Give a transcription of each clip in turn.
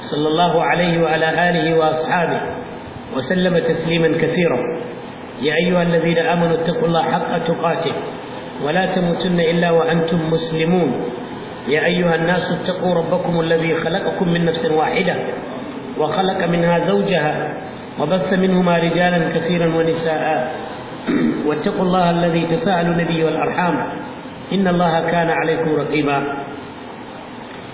صلى الله عليه وعلى آله وأصحابه وسلم تسليما كثيرا يا أيها الذين آمنوا اتقوا الله حق تقاته ولا تموتن إلا وأنتم مسلمون يا أيها الناس اتقوا ربكم الذي خلقكم من نفس واحدة وخلق منها زوجها وبث منهما رجالا كثيرا ونساء واتقوا الله الذي تساءل نبي والأرحام إن الله كان عليكم رقيبا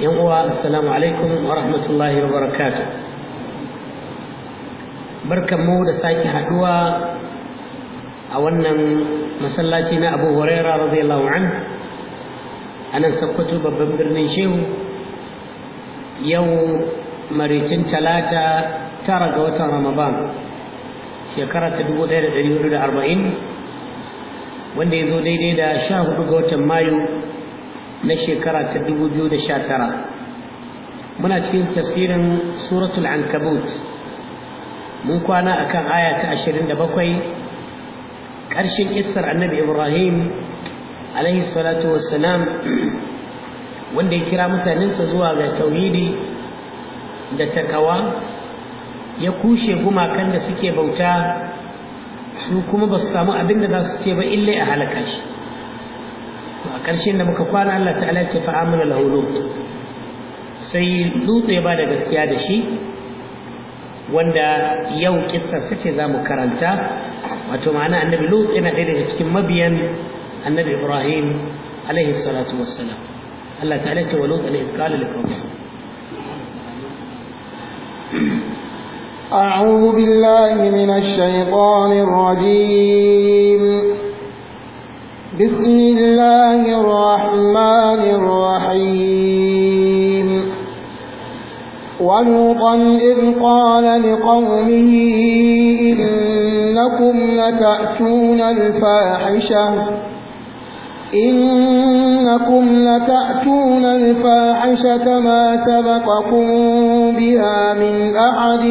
yan uwa assalamu alaikum wa rahmatullahi wa barakatuh barkanmu da sake haduwa a wannan masallaci na Abu Huraira radiyallahu anhu a nan Sokoto babban birnin Shehu yau maricin talata tara ga watan Ramadan shekara ta dubu ɗaya da ɗari hudu da arba'in wanda ya zo daidai da sha hudu ga watan Mayu na shekara ta tara, muna cikin tafsirin suratul ankabut mun kwana akan aya ta bakwai, ƙarshen kissar annabi ibrahim alaihi salatu wassalam wanda ya kira mutanensa zuwa ga tauhidi da takawa ya kushe gumakan da suke bauta su kuma ba su samu abin da za su ce ba illai a halaka shi a ƙarshen da muka kwana Allah ta'ala ce fa amana lahu lut sai lut ya bada gaskiya da shi wanda yau kissar sace za mu karanta wato ma'ana annabi lut yana da daga cikin mabiyan annabi ibrahim alaihi salatu wassalam Allah ta'ala ce wa lut alaihi qala liqawmihi أعوذ بالله من الشيطان الرجيم بسم الله الرحمن الرحيم ولوطا إذ قال لقومه إنكم لتأتون الفاحشة إنكم لتأتون الفاحشة ما سبقكم بها من أحد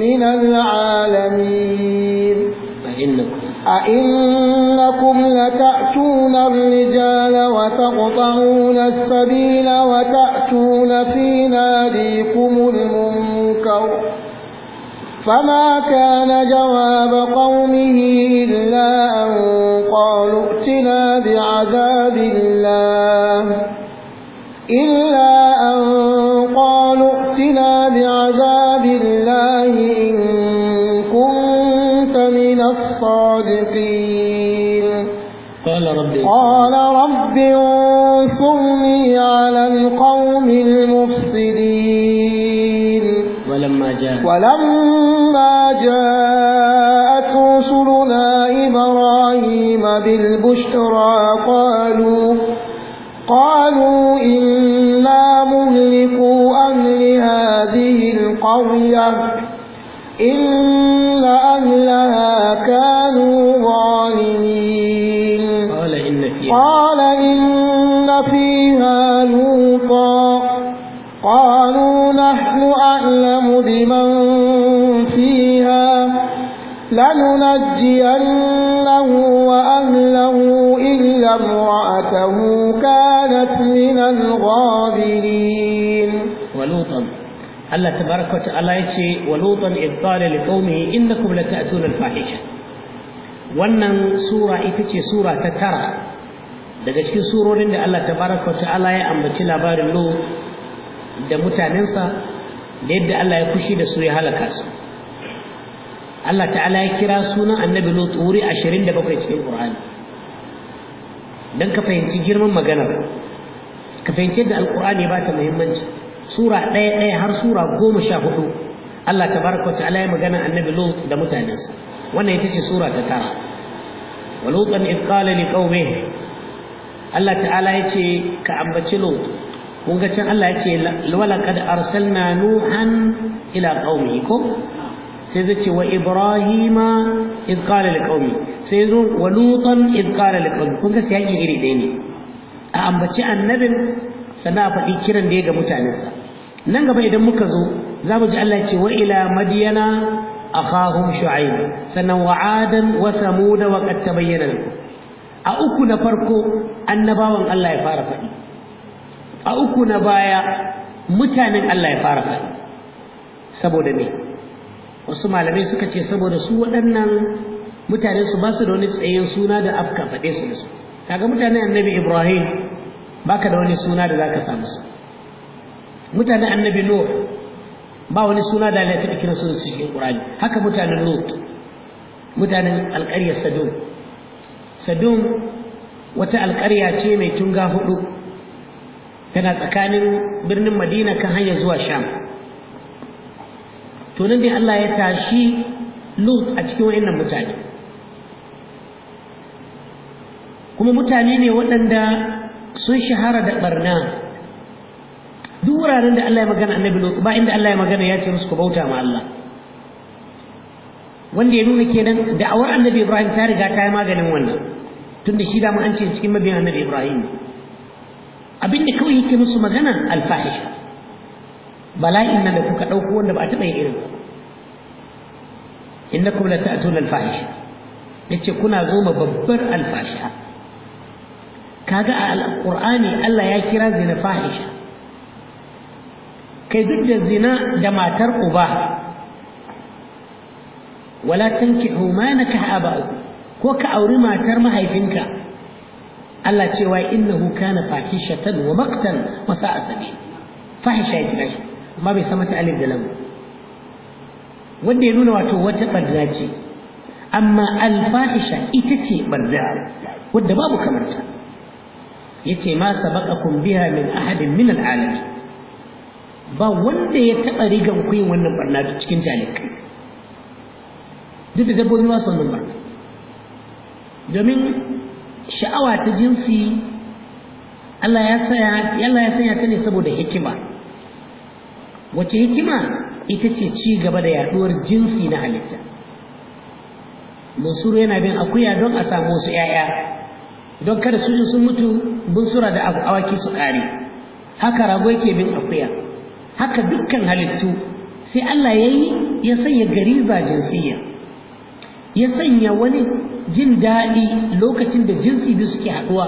من العالمين فإنكم أئنكم لتأتون الرجال وتقطعون السبيل وتأتون في ناديكم المنكر فما كان جواب قومه إلا أن قالوا ائتنا بعذاب الله إلا أن قالوا ائتنا بعذاب قال رب انصرني على القوم المفسدين ولما جاء ولما جاءت رسلنا إبراهيم بالبشرى قالوا قالوا إنا مهلكوا أهل هذه القرية إن أهلها كانوا قال إن فيها لوطا قالوا نحن أعلم بمن فيها لننجينه وأهله إلا امرأته كانت من الغابرين ولوطا الله تبارك وتعالى يتي ولوطا إذ قال لقومه إنكم لتأتون الفاحشة وأن سورة ita سورة تترى daga cikin surorin da Allah tabaraka wa ta'ala ya ambaci labarin Nuh da mutanensa da yadda Allah ya kushi da su ya halaka su Allah ta'ala ya kira sunan annabi Nuh turi 27 cikin Qur'ani dan ka fahimci girman maganar ka fahimci da alqur'ani ba ta muhimmanci sura ɗaya ɗaya har sura goma sha hudu Allah tabaraka wa ta'ala ya magana annabi Lut da mutanensa wannan ita ce sura ta tara ولوطا إذ قال لقومه Allah ta'ala ya ce ka ambaci Lut can Allah ya ce walaqad arsalna nuhan ila qaumihi ko sai zai ce wa ibrahima id qala liqaumi sai zo wa lutan id qala liqaumi kun ga sai yake iri ɗaya ne a ambaci annabin sannan a faɗi kiran da ya ga mutanensa nan gaba idan muka zo za mu ji Allah ce wa ila madiyana akhahum shu'aib sannan wa adan wa samuda wa qad tabayyana lakum a uku na farko annabawan Allah ya fara faɗi a uku na baya mutanen Allah ya fara faɗi saboda me wasu malamai suka ce saboda su waɗannan mutane su ba su da wani tsayin suna da afka faɗe su da su kaga mutanen annabi ibrahim baka da wani suna da zaka samu su mutanen annabi nuh ba wani suna da Allah da taɓa kira su da su cikin qur'ani haka mutanen lut mutanen alƙaryar sadum sadun wata alƙarya ce mai tunga hudu tana tsakanin birnin madina kan hanyar zuwa sham to nan Allah ya tashi lut a cikin wayannan mutane kuma mutane ne waɗanda sun shahara da ɓarna duk wuraren da Allah ya magana annabi ba inda Allah ya magana ya ce musu ku bauta ma Allah wanda ya nuna kenan da'awar annabi ibrahim ta riga ta yi maganin wannan tunda shi da mun an ce cikin mabiyan annabi ibrahim da kawai yake musu magana alfahisha bala'in nan da kuka ɗauko wanda ba a taɓa yin irinsa innakum la ta'tuna alfahisha Ya ce kuna zo ma babbar alfahisha kaga a Alƙur'ani Allah ya kira zina fahisha kai duk da zina da matar uba wala tankihu ma nakaha aba'ukum ko ka auri matar mahaifinka Allah cewa innahu kana fahishatan wa maqtan wa sa'a sabil fahisha ya amma bai san mata alif da lam wanda ya nuna wato wata barna ce amma alfahisha ita ce barna wadda babu kamar ta yace ma sabaqakum biha min ahadin min alalamin ba wanda ya taba rigan ku wannan barna cikin talikai duk da dabbobi ma sun ba, domin sha'awa ta jinsi Allah ya sanya Allah ya sanya ta ne saboda hikima wace hikima ita ce ci gaba da yaduwar jinsi na halitta musuru yana bin akuya don a samu wasu 'ya'ya don kada su sun mutu bunsura da awaki su ƙare haka rago yake bin akuya haka dukkan halittu sai Allah ya yi ya sanya gariba jinsiyya ya sanya wani jin daɗi lokacin da jinsi biyu suke haɗuwa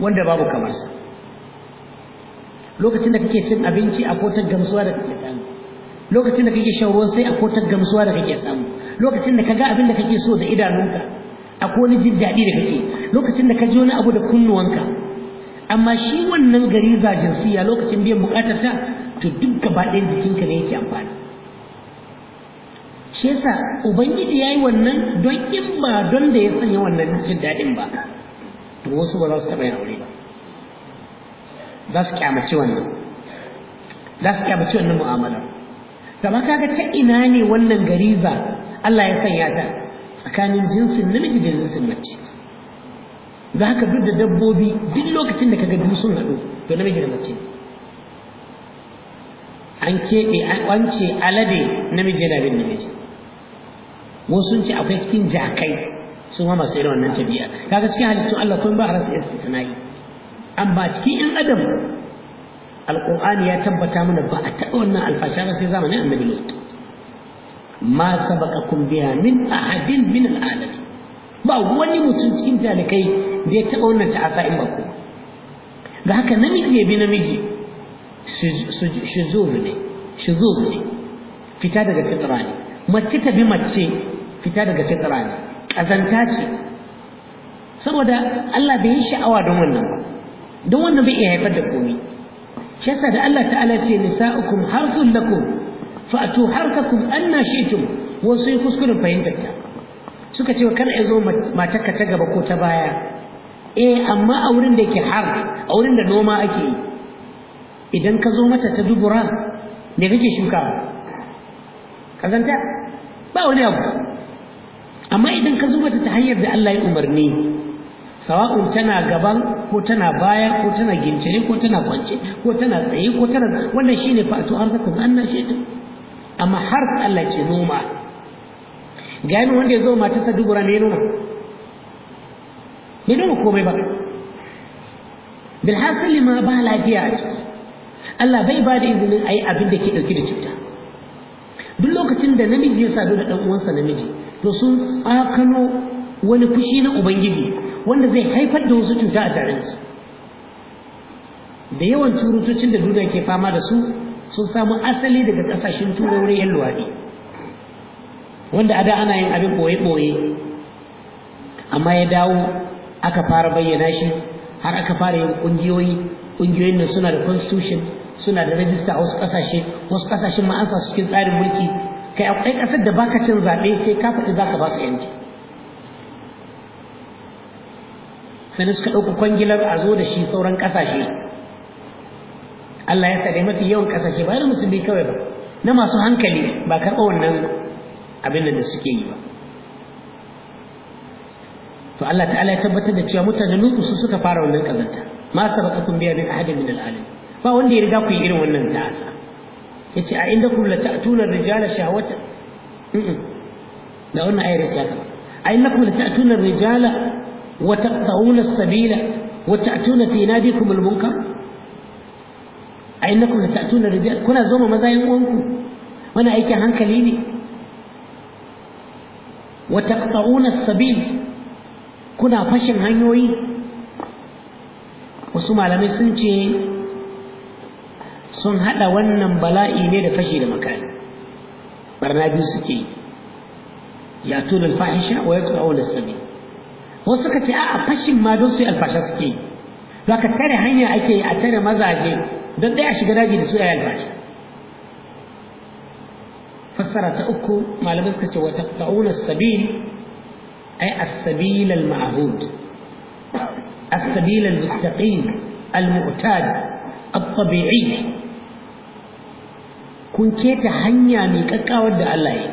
wanda babu kamar sa lokacin da kake cin abinci a kotar gamsuwa da kake samu lokacin da kake shan ruwan sai a kotar gamsuwa da kake samu lokacin da kaga abin da kake so da idanunka a wani jin daɗi da kake lokacin da ka ji wani abu da kunnuwanka amma shi wannan gari za jinsiya lokacin biyan bukatar ta to duk gaba ɗayan jikinka ne yake amfani shi yasa ubangiji yayi wannan don in ba don da ya sanya wannan jin dadin ba to wasu ba za su taɓa yin aure ba za su kyamaci wannan za su kyamaci wannan mu'amalar kama kaga ta ina ne wannan gariza Allah ya sanya ta tsakanin jinsin namiji da jinsin mace za ka duk da dabbobi duk lokacin da kaga biyu sun haɗu to namiji da mace an keɓe an ce alade namiji yana bin namiji wasu sun ce akwai cikin jakai su ma masu irin wannan tabi'a kaga cikin halittun Allah kun ba harasa istisnai amma cikin yan adam alqur'ani ya tabbata mana ba a taɓa wannan alfasha ba sai zamanin annabi lut ma kun biya min ahadin min alalamin ba wani mutum cikin talikai da ya taɓa wannan ta'asa in ba ku ga haka namiji ya bi namiji shizuz ne shizuz ne fita daga fitra ne mace ta bi mace fita daga fitra ne ƙazanta ce saboda Allah bai yi sha'awa don wannan ba don wannan bai iya haifar da komai shi yasa da Allah ta'ala ce nisa'ukum harsun lakum fa'atu harkakum anna shi'tum wasu yi kuskuren fahimtar ta suka ce kana ya zo ka ta gaba ko ta baya eh amma a wurin da yake har a wurin da noma ake yi idan ka zo mata ta dubura ne kake shukawa kazanta ba wani abu amma idan ka zuba ta ta hanyar da Allah ya umarni sawa'un tana gaban ko tana baya ko tana gincire ko tana kwance ko tana tsaye ko tana wannan shine fa to har zaka zanna shi amma har Allah ce noma ga yana wanda ya zo matarsa dubura ne noma bai noma komai ba hasil ma ba lafiya a Allah bai ba da izinin a yi abin da ke dauke da cuta duk lokacin da namiji ya sadu da ɗan uwansa namiji to sun tsakano wani fushi na ubangiji wanda zai haifar da wasu cuta a tare da su da yawan turutocin da duniya ke fama da su sun samu asali daga kasashen turai wurin yan luwaɗi wanda a da ana yin abin boye-boye amma ya dawo aka fara bayyana shi har aka fara yin ƙungiyoyi ƙungiyoyin nan suna da constitution suna da rajista a wasu ƙasashe wasu ƙasashen ma an cikin tsarin mulki kai akwai ƙasar da baka cin zaɓe sai ka faɗi za ka ba su yanci sai suka ɗauki kwangilar a zo da shi sauran ƙasashe Allah ya sade mafi yawan ƙasashe ba da musulmi kawai ba na masu hankali ba karɓa wannan abin da suke yi ba to Allah ta'ala ya tabbatar da cewa mutanen Lutu su suka fara wannan kazanta ma sabaqakum bi ahadin min al-alim ba wanda ya riga ku yi irin wannan ta'asa yace a inda kullu ta'tuna rijala shahwata da wannan ayar ce a inda kullu ta'tuna rijala wa taqta'una as-sabila wa ta'tuna fi nadikum al-munkar a inda kullu ta'tuna rijala kuna zoma maza yan uwanku wannan aikin hankali ne wa taqta'una as-sabil kuna fashin hanyoyi wasu malamai sun ce sun haɗa wannan bala'i ne da fashi da makani barna biyu suke ya tuna alfahisha wa ya tuna awon wasu suka ce a'a fashin ma don su yi alfasha suke za ka tare hanya ake yi a tare mazaje don ɗaya shiga daji da su yi alfasha fassara ta uku malamai suka ce wa taqta'una as-sabil ay as-sabil al-ma'hud as-sabil al-mustaqim al-mu'tad الطبيعي kun keta hanya mai kakkawar da Allah ya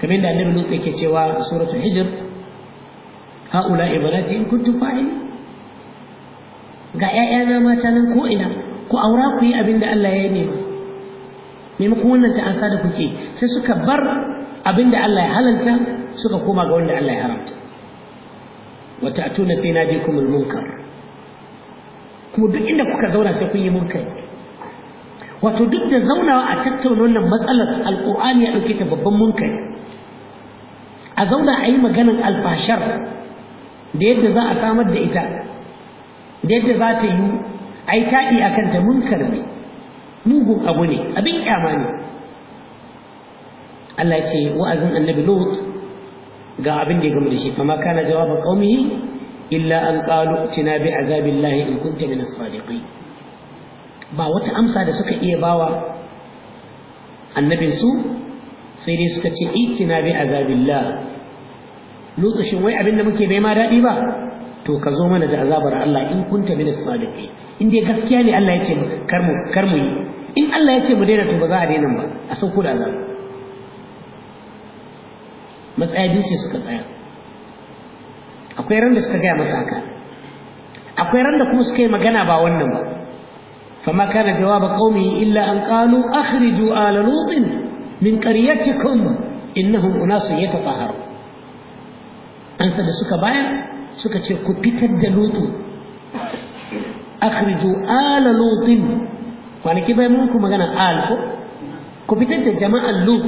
kamar da annabi lutsa yake cewa suratul hijr haula ibanati in kuntu fa'il ga na mata nan ko ina ku aura ku yi abin da Allah ya nema maimakon wannan ta'asa da kuke sai suka bar abin da Allah ya halalta suka koma ga wanda Allah ya haramta wa ta'tuna fi nadikumul munkar kuma duk inda kuka zauna sai kun yi munkari wato duk da zaunawa a tattauna wannan matsalar alƙur'ani ya ɗauke ta babban munkari a zauna a yi maganar alfashar da yadda za a samar da ita da yadda za ta yi a yi taɗi a kanta munkar ne mugun abu ne abin kyama ne Allah ce wa'azin annabi Lut ga abin da ya gama da shi fama kana jawaba qaumihi illa an qalu tina bi azabillahi in kunta min as-sadiqin ba wata amsa da suka iya bawa annabinsu sai dai suka ce ikina bi azabillah lokacin wai abinda muke bai ma daɗi ba to ka zo mana da azabar Allah in kunta min as-sadiqi in dai gaskiya ne Allah ya ce kar mu kar mu yi in Allah ya ce mu daina to ba za a daina ba a sauko da azab matsaya biyu ce suka tsaya akwai ran da suka gaya masa haka akwai ran da kuma suka yi magana ba wannan ba فما كان جواب قومه إلا أن قالوا أخرجوا آل لوط من قريتكم إنهم أناس يتطهرون أنت لسك باير سك تشيكو بيتد لوط أخرجوا آل لوط kwanaki bai muku magana al ko ku fitar da jama'an lut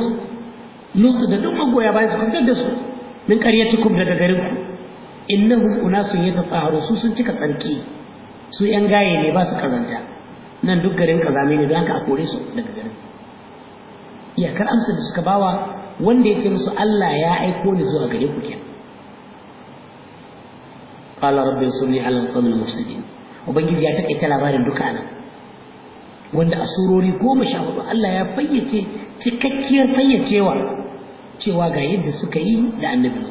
lut da duk magoya bayan su fitar da su min qaryatikum daga garin ku innahum unasun yatahharu su sun cika tsarki su yan gaye ne ba su nan duk garin kazami ne don haka a kore su daga garin iyakar amsa da suka bawa wanda ya ce musu Allah ya aiko ni zuwa gare ku kenan qala rabbi sunni ala alqawmil mufsidin ubangiji ya takaita labarin duka nan. wanda asurori surori goma sha hudu Allah ya fayyace cikakkiyar fayyacewa cewa ga yadda suka yi da annabi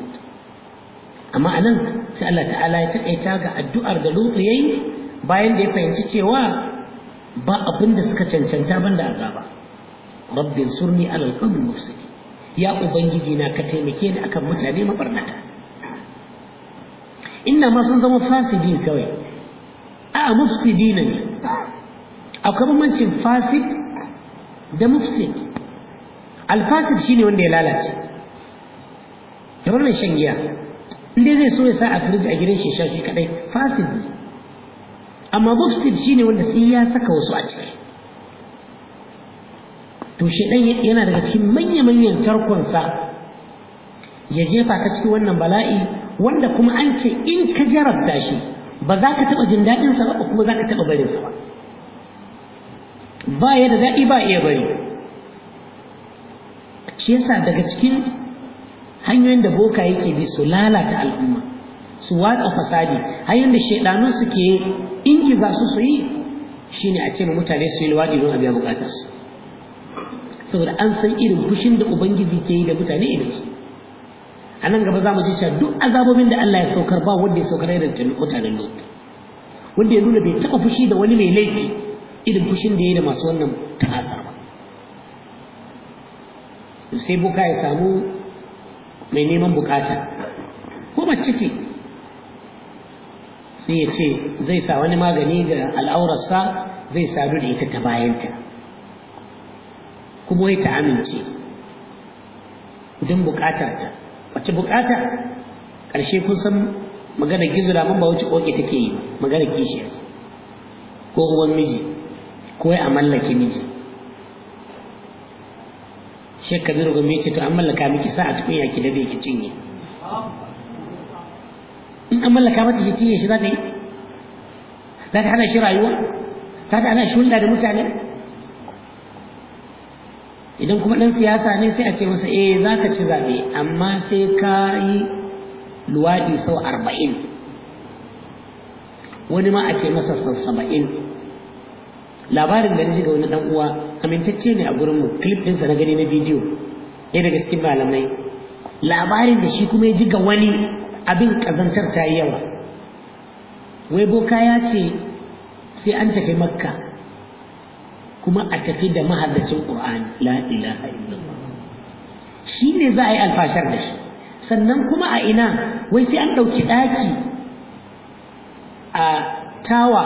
amma anan sai Allah ta'ala ya takaita ga addu'ar da ya yayi bayan da ya fahimci cewa ba abin da suka cancanta da azaba rabbin surni alal qawmil mufsidin ya ubangiji na ka taimake ni akan mutane mabarnata inna ma sun zama fasidi kawai a mufsidina ne akwai bambancin fasid da mufsid alfasid shine wanda ya lalace da wannan shan giya in dai zai so ya sa a firiji a gidan shi shashi shi kadai fasid ne amma shi ne wanda sai ya saka wasu a ciki to shi dan yana daga cikin manya manyan tarkonsa ya jefa ka cikin wannan bala'i wanda kuma an ce in ka jarabta shi ba za ka taɓa jin daɗinsa ba kuma za ka taɓa barinsa ba ba ya da daɗi ba iya bari shi yasa daga cikin hanyoyin da boka yake bi su lalata al'umma su watsa fasadi hanyar da shaidanun suke in ba su su yi shine a ce ma mutane su yi luwaɗi don a biya bukatar su saboda an san irin fushin da ubangiji ke yi da mutane irin su a nan gaba za mu ji cewa duk azabobin da Allah ya saukar ba wanda ya saukar irin ta mutanen Lut wanda ya nuna bai taɓa fushi da wani mai laifi irin fushin da ya yi da masu wannan ta'asa ba sai buka ya samu mai neman bukata ko mace ce sai ya ce zai sa wani magani ga al'aurarsa zai sadu da ita ta bayanta kuma ya ta amince don bukatar ta wace bukata ƙarshe kun san magana gizura man ba wuce ƙoƙe take yi magana kishiyar ko uwan miji ko ya mallake miji shekaru da gwamnati ta, an mallaka miki sa a tukunya ki da ki cinye in an mallaka mata shi cinye shi za ta yi za ta hana shi rayuwa za ta hana shi hulɗa da mutane idan kuma ɗan siyasa ne sai a ce masa eh za ka ci zaɓe amma sai ka yi luwaɗi sau arba'in wani ma a ce masa sau saba'in labarin da na ji ga wani ɗan uwa amintacce ne a gurinmu clip ɗinsa na gani na bidiyo ɗaya daga cikin malamai labarin da shi kuma ya ji ga wani abin ƙazantar ta yi yawa wai boka ya ce sai an tafi makka kuma a tafi da mahaddacin ƙur'ani la ilaha shi ne za a yi alfashar da shi sannan kuma a ina wai sai an ɗauki ɗaki a tawa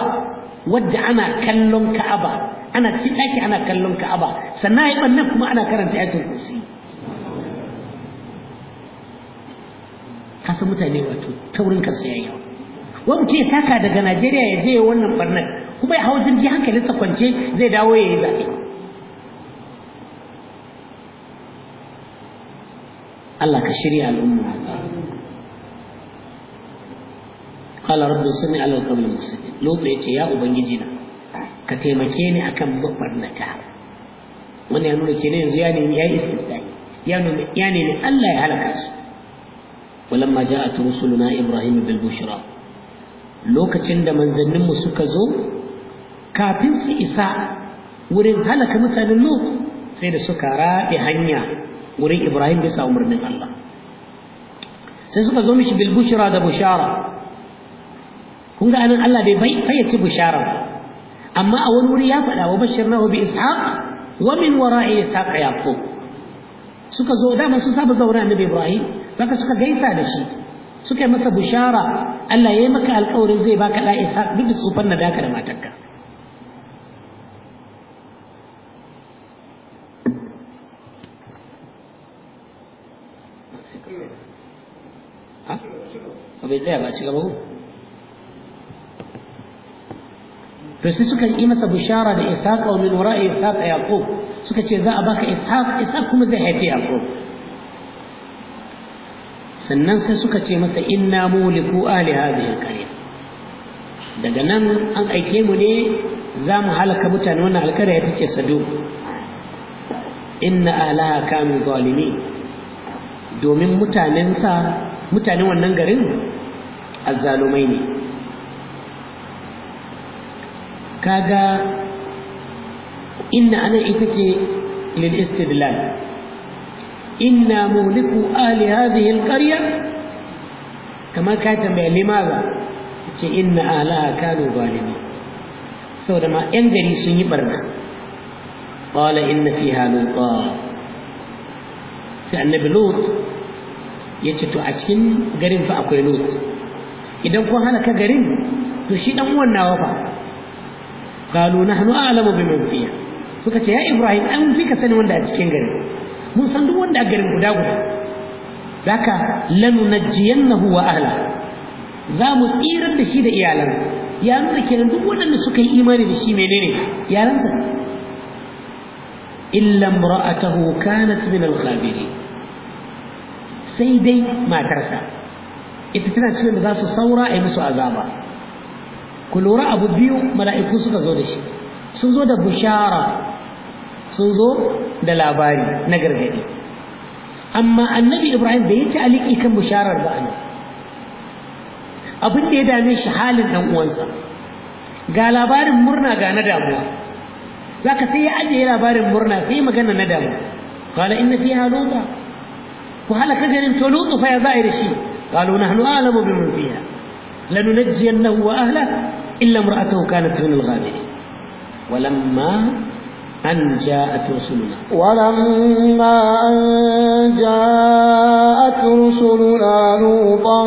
wadda ana kallon ka'aba ana cikin ɗaki ana kallon ka'aba sannan a yi ɓannan kuma ana karanta ayatul kursi ka san mutane wato taurin kansu yayi yawa wani mutum ya taka daga Najeriya ya je wannan barnar kuma ya hau jirgi hankalinsa kwance zai dawo ya yi zaɓe Allah ka shirya al'umma qala rabbi sunni ala al-qawmi al lokacin ya ce ya ubangiji na ka taimake ni akan mabarnata wannan ya nuna kenan yanzu ya nemi ya istisnai ya nuna ya nemi Allah ya halaka su ولما جاءت رسلنا إبراهيم بالبشرى لوكا تشند من زنم سكزو كابن سي إساء ورين هلك متان النوك سيد سكارا بهنيا ورين إبراهيم بس عمر من الله سيد سكزو مش بالبشرى دا بشارة كون أنا الله ببيت فيك بشارة أما أول مريا فلا وبشرناه بإسحاق ومن وراء إسحاق يعقوب سكازو ده ما سكزو ده ابراهيم saka suka gaisa da shi suka masa bushara Allah ya yi maka alƙawarin zai baka da isa duk da tsufan na daka da matarka bai tsaya ba ci gaba ku to sai suka yi masa bishara da isaqa wa min wara'i isaqa yaqub suka ce za a baka ishaq ishaq kuma zai haifi yaqub sannan sai suka ce masa inna muliku ali hadhihi alqarya daga nan an aike mu ne za mu halaka mutane wannan alkarya ta ce sado inna alaha kanu zalimi domin mutanen sa mutanen wannan garin azzalumai ne kaga inna ana ita ce lil istidlal inna muhliku ahli hadhihi alqarya kamar ka tambaya limaza ce inna alaha kanu zalimin saboda ma yan gari sun yi barna qala inna fiha luqa sai annabi Ya ce to a cikin garin fa akwai lut idan kun hana ka garin to shi dan uwan nawa fa qalu nahnu a'lamu biman fiya. suka ce ya ibrahim an fi ka sani wanda a cikin garin mun san duk wanda a garin guda guda na lanunajjiyannahu wa ahla za mu tsirar da shi da iyalan ya nuna kenan duk waɗanda suka yi imani da shi menene iyalansa illa imra'atahu kanat min al sai dai matarsa ita tana cikin da za su saura a yi musu azaba ku lura abu biyu mala'iku suka zo da shi sun zo da bushara sun zo da labari na gargadi amma annabi ibrahim bai yi ta'aliki kan bisharar ba ne abin da ya dame shi halin dan uwansa ga labarin murna ga na damuwa zaka sai ya ajiye labarin murna sai magana na damuwa qala inna fiha luta ku halaka garin to lutu fa ya za'i da shi qalu nahnu a'lamu biman fiha lanunajjiyannahu wa ahlihi illa imra'atahu kanat min al-ghabirin walamma أن جاءت رسلنا ولما أن جاءت رسلنا لوطا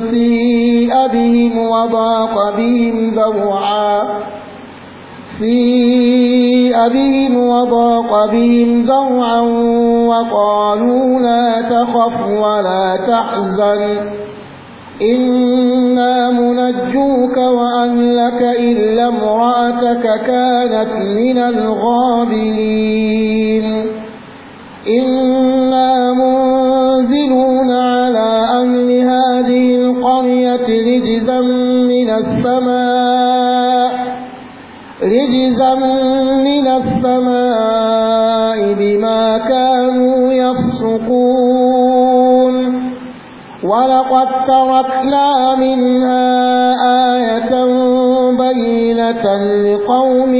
في أبهم وضاق بهم ذرعا في أبهم وضاق بهم ذرعا وقالوا لا تخف ولا تحزن إنا منجوك وأهلك إلا امرأتك كانت من الغابرين إنا منزلون على أهل هذه القرية رجزا من السماء رجزا من السماء بما كانوا يفسقون ولقد تركنا منها آية بينة لقوم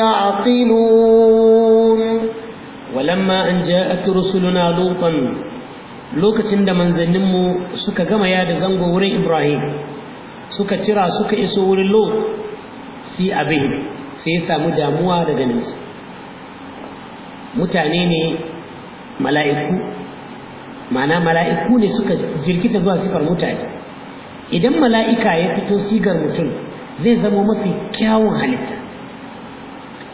يعقلون ولما أن جاءت رسلنا لوطا lokacin da manzanninmu suka gama yada zango wurin Ibrahim suka cira suka iso wurin Lot si abin sai ya samu damuwa da ganinsu mutane ne mala'iku ma'ana mala'iku ne suka jirkita zuwa sifar mutane idan mala'ika ya fito sigar mutum zai zama mafi kyawun halitta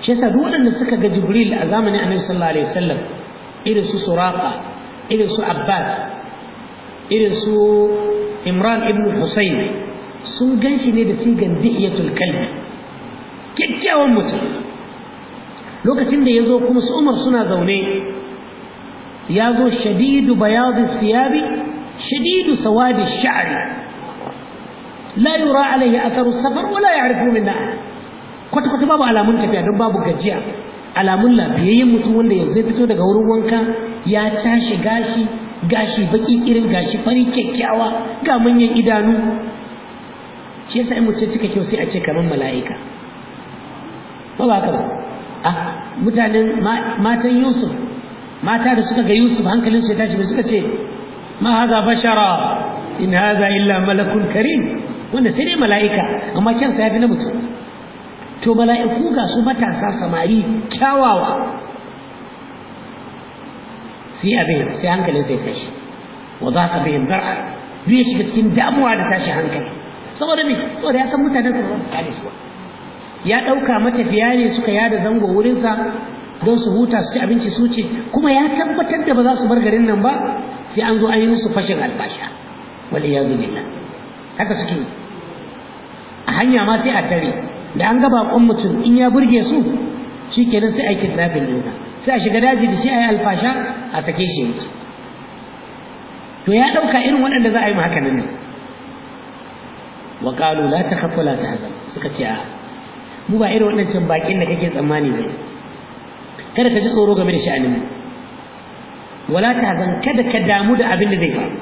shi yasa duk waɗanda suka ga jibril a zamanin annabi sallallahu alaihi wasallam irin su suraqa irin su abbas irin su imran ibn husayn sun ganshi shi ne da sigan dihiyatul kalbi kyakkyawan mutum lokacin da ya zo kuma su umar suna zaune ya zo shadidu bayadu siyabi shadidu sawadi sha'ri la yura alayhi atharu safar wala ya'rifu minna kwata kwata babu alamun tafiya don babu gajiya alamun lafiyayyen mutum wanda yanzu zai fito daga wurin wanka ya tashi gashi gashi baki irin gashi fari kyakkyawa ga manyan idanu shi yasa in mutum cika kyau sai a ce kamar mala'ika ba ba ka ba ah mutanen matan Yusuf mata da suka ga Yusuf hankalin su ya tashi suka ce ma hada bashara in haza illa malakun karim wanda sai dai mala'ika amma kyansa ya fi na mutum to mala'iku ga su matasa samari kyawawa sai abin sai hankalin sai tashi wa za ka bayin zar'a biye shiga cikin damuwa da tashi hankali saboda me saboda ya san mutanen su za su kare ya ɗauka matafiya ne suka yada zango wurinsa don su huta su ci abinci su ce kuma ya tabbatar da ba za su bar garin nan ba sai an zo an yi musu fashin albasha wal iyadu billah haka suke a hanya ma sai a tare da an ga bakon mutum in ya burge su shikenan sai a yi kidnapping sa sai a shiga daji da shi a yi alfasha a sake shi mutu to ya ɗauka irin waɗanda za a yi ma haka nan wa qalu la takhaf wa la tahzan suka ce a mu ba irin waɗancan bakin da kake tsammani ba kada ka ji tsoro game da sha'anin mu wala ta zan kada ka damu da abin da zai faru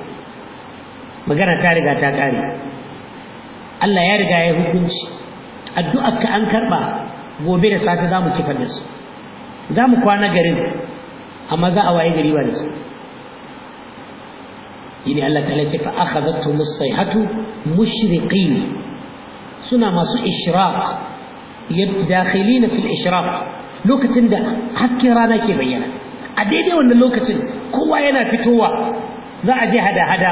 magana ta riga ta kare Allah ya riga ya hukunci addu'ar ka an karba gobe da safe za mu kifar da su za mu kwana garin amma za a waye gari ba da su yini Allah ta lace fa akhadhatu musaihatu mushriqin suna masu ishraq yad dakhilina fil ishraq lokacin da hasken rana ke bayyana a daidai wannan lokacin kowa yana fitowa za a je hada-hada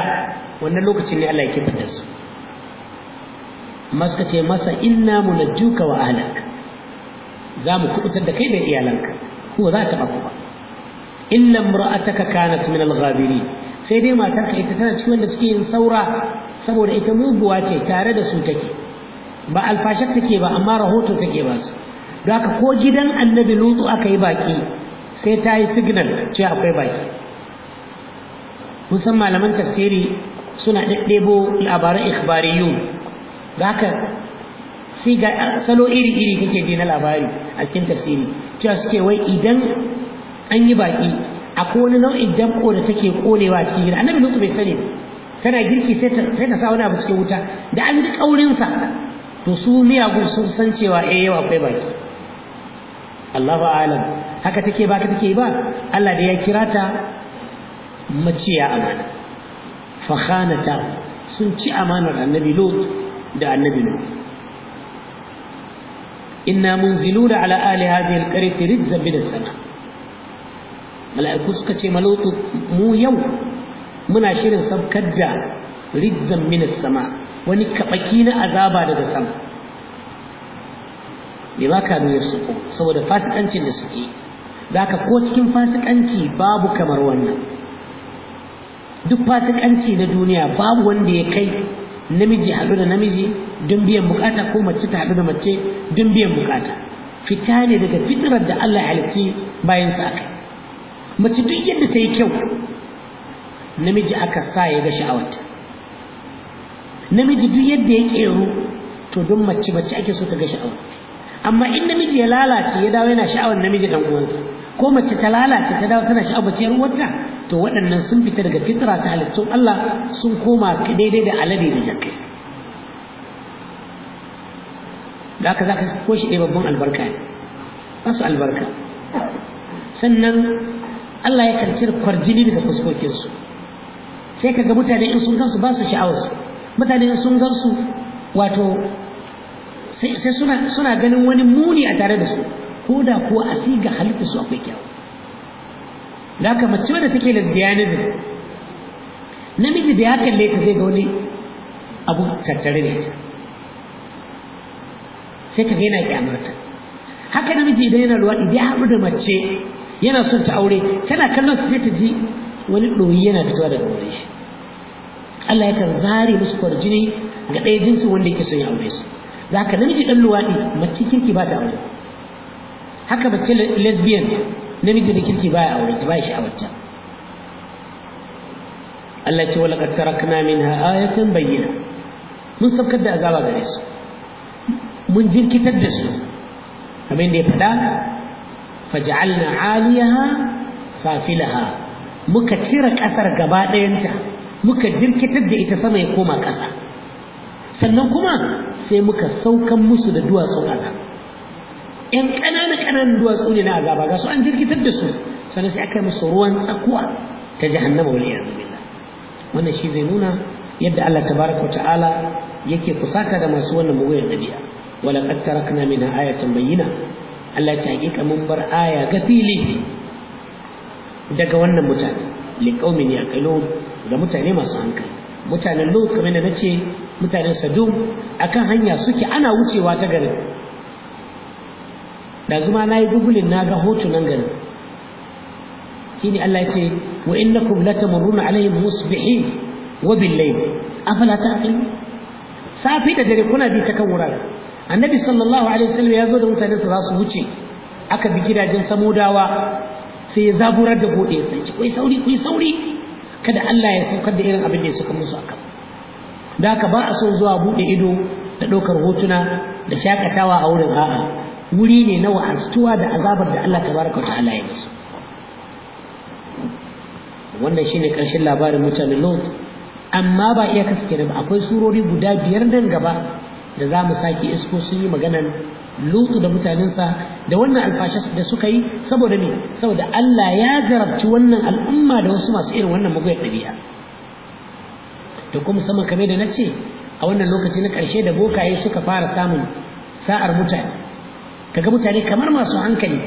wannan lokacin ne Allah ya kibar da su amma ce masa inna munajjuka wa ahlak za mu kubutar da kai da iyalanka ko za ta baku ba inna imra'ataka kanat min al-ghabiri sai dai matarka ita tana cikin wanda suke yin saura saboda ita muguwa ce tare da su take ba alfashar take ba amma rahoto take ba su da ko gidan annabi lutsu aka yi baki sai ta yi signal ce akwai baki musamman malaman tafsiri suna ɗaɗɗebo labaran ikhbariyu da haka sai ga salo iri-iri kake ji na labari a cikin tafsiri cewa suke wai idan an yi baki a wani nau'in dabko da take kolewa a cikin gida annabi lutsu bai sani tana girki sai ta sa wani abu cikin wuta da an ji kaurinsa to su miyagun sun san cewa eh yau akwai baki Allahu a'lam haka take ba ka take ba Allah da ya kira ta ya amana fa khanata sun ci amanar annabi Lut da annabi Nuh inna munziluna ala ali hadhihi alqaryati rizqan min as-sama mala'iku suka ce malutu mu yau muna shirin sabkar da rizqan min sama wani kabaki na azaba daga sama nuna su ko saboda fasikancin da suke zaka ko cikin fasikanci babu kamar wannan duk fasikanci na duniya babu wanda ya kai namiji haɗu da namiji don biyan bukata ko mace ta haɗu da mace don biyan bukata fita ne daga fitirar da Allah halitti bayan sa aka mace duk yadda ta yi kyau namiji aka sa ya ga sha'awarta namiji duk yadda ya ƙero to don mace mace ake so ta ga sha'awarta amma in namiji ya lalace ya dawo yana sha'awar namiji dan uwansa ko mace ta lalace ta dawo tana sha'awar mace uwarta to waɗannan sun fita daga fitra ta halittun Allah sun koma daidai da alade da jakai da haka zaka ko shi ɗaya babban albarka ne ba su albarka sannan Allah ya karci kwarjini daga fuskokinsu sai kaga mutane in sun gansu ba su sha'awarsu mutane in sun gansu wato sai sai suna suna ganin wani muni a tare da su ko da kuwa a siga halitta su akwai kyau da haka mace wadda take lesbianism namiji da ya kalle ta zai ga wani abu tattare da ita sai ka yana kyamarta haka namiji idan yana ruwa idan ya haɗu da mace yana son ta aure tana kallon su sai ta ji wani ɗoyi yana fitowa daga wurin shi Allah ya kan zare musu kwarjini ga ɗaya jinsu wanda yake son ya aure su Za ka namiji dan luwaɗi mace kirki ba ta aure haka mace lesbian namiji da kirki baya aure ta ya sha'awarta Allah ce wala qad tarakna minha ayatan bayyana mun saukar da azaba gare su mun jirkitar da su kamar da ya faɗa faj'alna 'aliyaha safilaha muka cire ƙasar gaba ɗayanta muka jirkitar da ita sama ya koma ƙasa sannan kuma sai muka saukan musu da duwatsun azab yan ƙananan ƙananan duwatsu ne na azaba ga su an jirgitar da su sannan sai aka yi musu ruwan tsakuwa ta jahannama wal iyaz billah wannan shi zai nuna yadda Allah tabaraka ta'ala yake kusata da masu wannan mugayen dabi'a wala qad tarakna min ayatin bayyina Allah ta hakika mun bar aya ga fili daga wannan mutane liqaumin yaqilun ga mutane masu hankali mutanen lokacin da nace mutanen sadum akan hanya suke ana wucewa ta garin da zuma na yi gugulin na ga hotunan garin shine Allah ya ce wa innakum latamurruna alaihim musbihin wa bil layl afala ta'qilun safi da dare kuna bi ta kan wurare annabi sallallahu alaihi wasallam ya zo da mutanen su za su wuce aka bi gidajen samudawa sai ya zaburar da bude sai ce kai sauri kai sauri kada Allah ya saukar da irin abin da ya suka musu akan da ka ba a so zuwa buɗe ido da ɗaukar hotuna da shakatawa a wurin a'a wuri ne na wa'aztuwa da azabar da Allah tabaraka wa ta'ala ya musu wannan shine ƙarshen labarin mutanen Lot amma ba iya kaske da ba akwai surori guda biyar nan gaba da za mu sake isko sun yi maganan Lot da mutanensa da wannan alfashi da suka yi saboda me saboda Allah ya jarabci wannan al'umma da wasu masu irin wannan mugayar ɗabi'a da kuma musamman kamar da na ce a wannan lokaci na ƙarshe da bokaye suka fara samun sa'ar mutane kaga mutane kamar masu hankali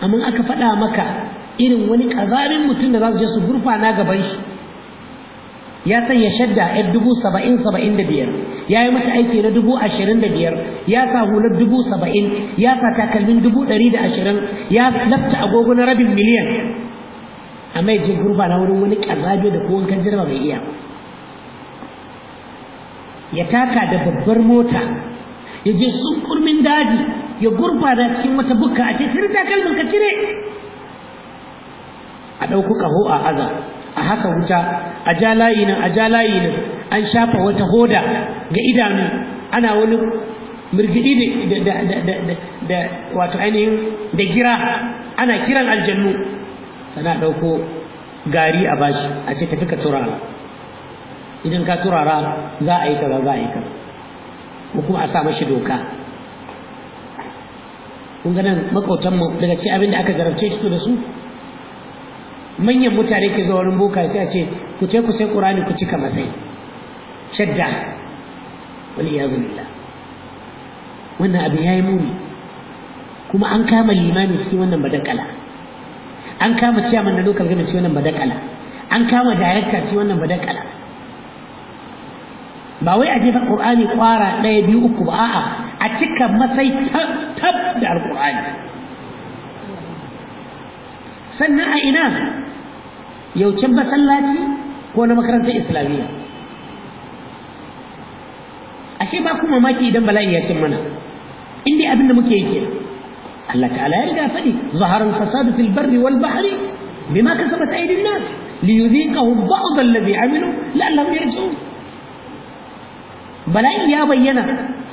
amma aka faɗa maka irin wani ƙazarin mutum da za su je su gurfana gaban shi ya sanya shadda yar dubu saba'in saba'in da biyar ya yi mata aiki na dubu ashirin da biyar ya sa hular dubu saba'in ya sa takalmin dubu ɗari da ashirin ya lafta agogo na rabin miliyan amma ya je gurfana wurin wani ƙazabe da kowankan jirma mai iya ya taka da babbar mota ya je sunkurmin daji ya da cikin wata bukka a ce cire takalmin ka cire a ɗauku ƙaho a aza a haka wuta a ja layi nan a ja layi nan an shafa wata hoda ga idanu ana wani mirgidi da wato ainihin da gira ana kiran aljannu sana ɗauko gari a bashi a ce tafi ka tura idan ka turara za a yi kaza za a yi kaza ko kuma a sa mashi doka kun ga nan makwautan mu daga cikin abin da aka zarafce shi da su manyan mutane ke zuwa wurin boka sai a ce ku ce ku sai qur'ani ku cika masai shadda wal iyadu billah wannan abin yayi muni kuma an kama limami cikin wannan badakala an kama ciyaman na local government cikin wannan badakala an kama director cikin wannan badakala ba wai a jefa qur'ani kwara ɗaya biyu uku ba a'a a cika masai tab tab da alqur'ani sannan a ina yaucin masallaci ko na makarantar islamiyya ashe ba kuma maki idan bala'i ya cin mana in dai abin da muke yi kenan Allah ta'ala ya riga faɗi zahara al-fasad fil barri wal bahri bima kasabat aydin nas liyudhiqahum ba'd alladhi amilu la'allahum yarji'un bala'i ya bayyana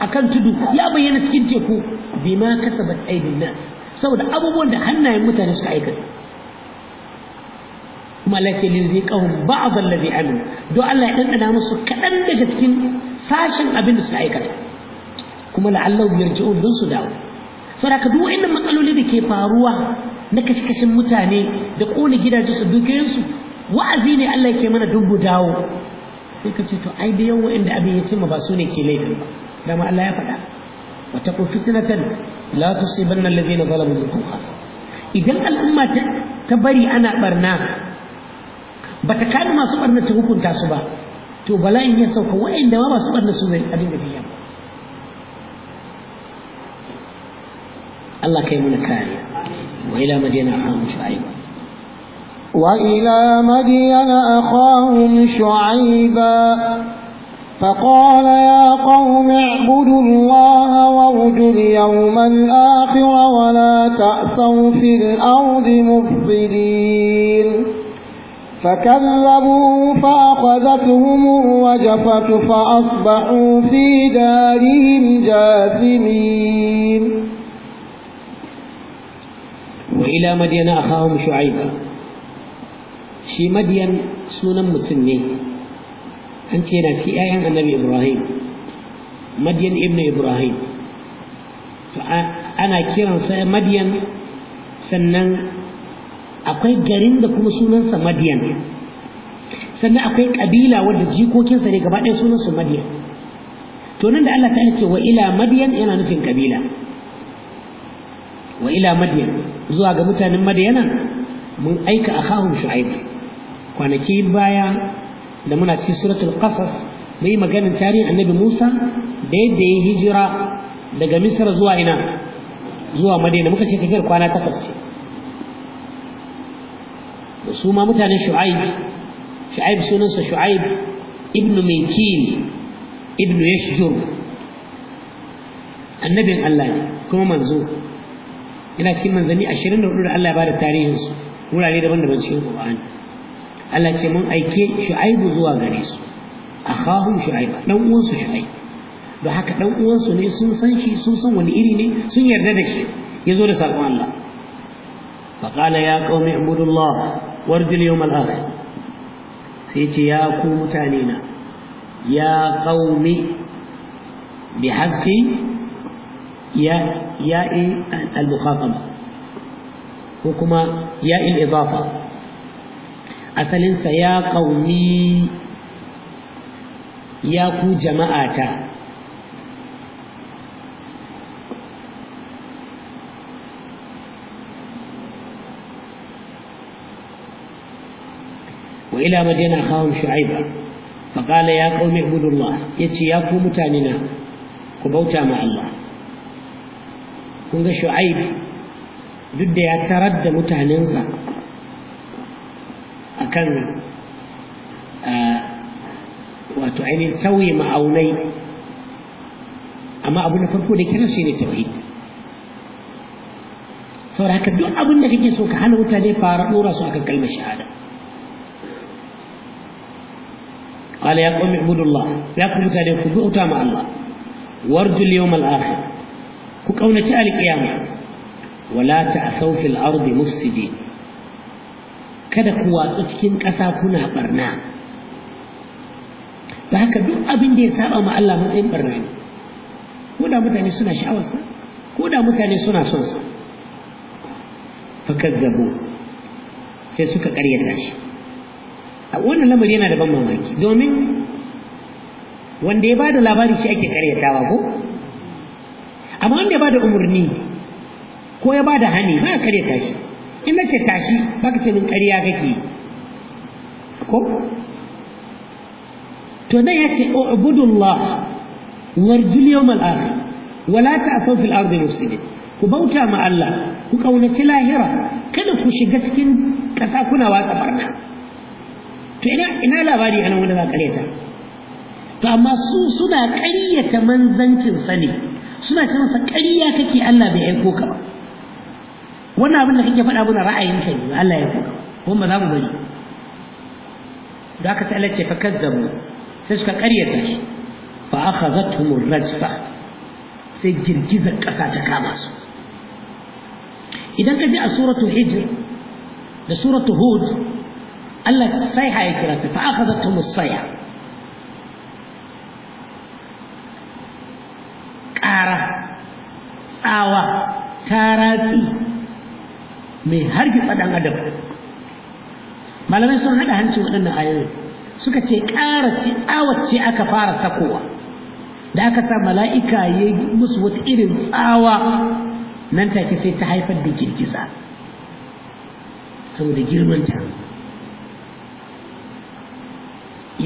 akan tudu ya bayyana cikin teku bima kasabat aidin nas saboda abubuwan da hannayen mutane suka aikata malaka lizikahum ba'd allazi amil don Allah ya dandana musu kadan daga cikin sashin abin da suka aikata kuma la'allahu yarji'un don su dawo saboda duk wannan matsaloli da ke faruwa na kashe-kashen mutane da kone gidaje su dukiyoyinsu wa'azi ne Allah yake mana dubu dawo sai ka ce to ai da yawan wa'anda abin ya cimma ba su ne ke laifin ba dama Allah ya faɗa wata ko fitnatan la tusibanna alladhina zalamu minkum idan al'umma ta bari ana barna bata kare masu barna ta hukunta su ba to bala'in ya sauka wa'anda ma masu barna su zai abin da biya Allah kai muna kariya wa ila madina ahamu shu'aiba وإلى مدين أخاهم شعيبا فقال يا قوم اعبدوا الله وارجوا اليوم الآخر ولا تأسوا في الأرض مفسدين فكذبوا فأخذتهم الرجفة فأصبحوا في دارهم جاثمين وإلى مدين أخاهم شعيبا shi madiyan sunan mutum ne an ce yana fi 'ya'yan annabi ibrahim madiyan ibn ibrahim ana kiransa madiyan sannan akwai garin da kuma sunansa madiyan sannan akwai kabila wadda jikokinsa ne gaba ɗaya sunansu madiyan to nan da Allah ta ce wa ila madiyan yana nufin kabila wa ila madiyan zuwa ga mutanen madiyanan mun aika a akahum Shu'aibu. kwanaki baya da muna cikin suratul qasas mai maganin tarihin annabi Musa da yadda ya hijira daga Misra zuwa ina zuwa Madina muka ce tafiyar kwana takwas ce da su ma mutanen Shu'aib Shu'aib sunansa Shu'aib ibn Mikil ibn Yashjur annabin Allah ne kuma manzo ina cikin manzanni ashirin da hudu da Allah ya bada tarihinsu wurare daban-daban cikin Qur'ani Allah ce mun aike shu'aibu zuwa gare su kahun shu'aiba dan uwansu Shu'aibu, da haka dan uwansu ne sun san shi sun san wani iri ne sun yarda da shi Ya zo da sakon Allah faqala ya qaumi ibudullah warjul yawm al-akhir sai ce ya ku mutane na ya qaumi bi haqqi ya ya al-mukhataba ko kuma ya al-idafa asalinsa ya kauni ya ku jama'ata wa ila madina kawon shu'aiba faƙala ya ƙaumi abudullah ya ce ya ku mutane ku bauta ma Allah kun ga shu'aib duk da ya tarar da mutanensa كذا آه، وتعين التوي مع أولي أما أبو نفر قولي كنا سين التوحيد صور هكا دون أبو نفر قولي سبحانه وتعالى فارقوا رسو هكا كلمة قال يا قوم اعبدوا الله يا قوم اعبدوا الله يا الله واردوا اليوم الآخر كو كونة تالي قيامة ولا تعثوا في الأرض مفسدين kada ku watsu cikin ƙasa kuna barna da haka duk abin da ya saba ma Allah matsayin barna ne ko da mutane suna sha'awarsa ko da mutane suna son sa fakazzabu sai suka ƙaryata shi a wannan lamari yana da ban mamaki domin wanda ya bada labari shi ake ƙaryatawa ko amma wanda ya bada umarni ko ya bada hani ba a ƙaryata shi in nake tashi baka ce min ƙarya kake ko to dan yace ubudullah warjul yawmal akhir wala ta'fu fil ardi mufsidin ku bauta ma Allah ku kaunaci lahira kada ku shiga cikin kasa kuna watsa barna to ina ina labari anan wanda za ƙaryata to amma su suna ƙaryata manzancin sa ne suna ce masa ƙarya kake Allah bai aiko ka ba wannan abin da kake faɗa mana ra'ayinka ne Allah ya kuka ko ba za mu bari da aka sai Allah ce fa kazzabu sai suka ƙaryata shi fa akhadhatuhum ar-rajfa sai girgizar ƙasa ta kama su idan ka ji a suratu hijr da suratu hud Allah sai ya kira ta fa akhadhatuhum as-sayha ƙara tsawa mai hargitsa ɗan adam malamai sun haɗa hancin waɗannan ayoyi suka ce ƙara tsawace aka fara sakowa da aka sa mala'ika ya yi musu wata irin tsawa nan take sai ta haifar da girgiza saboda girman ta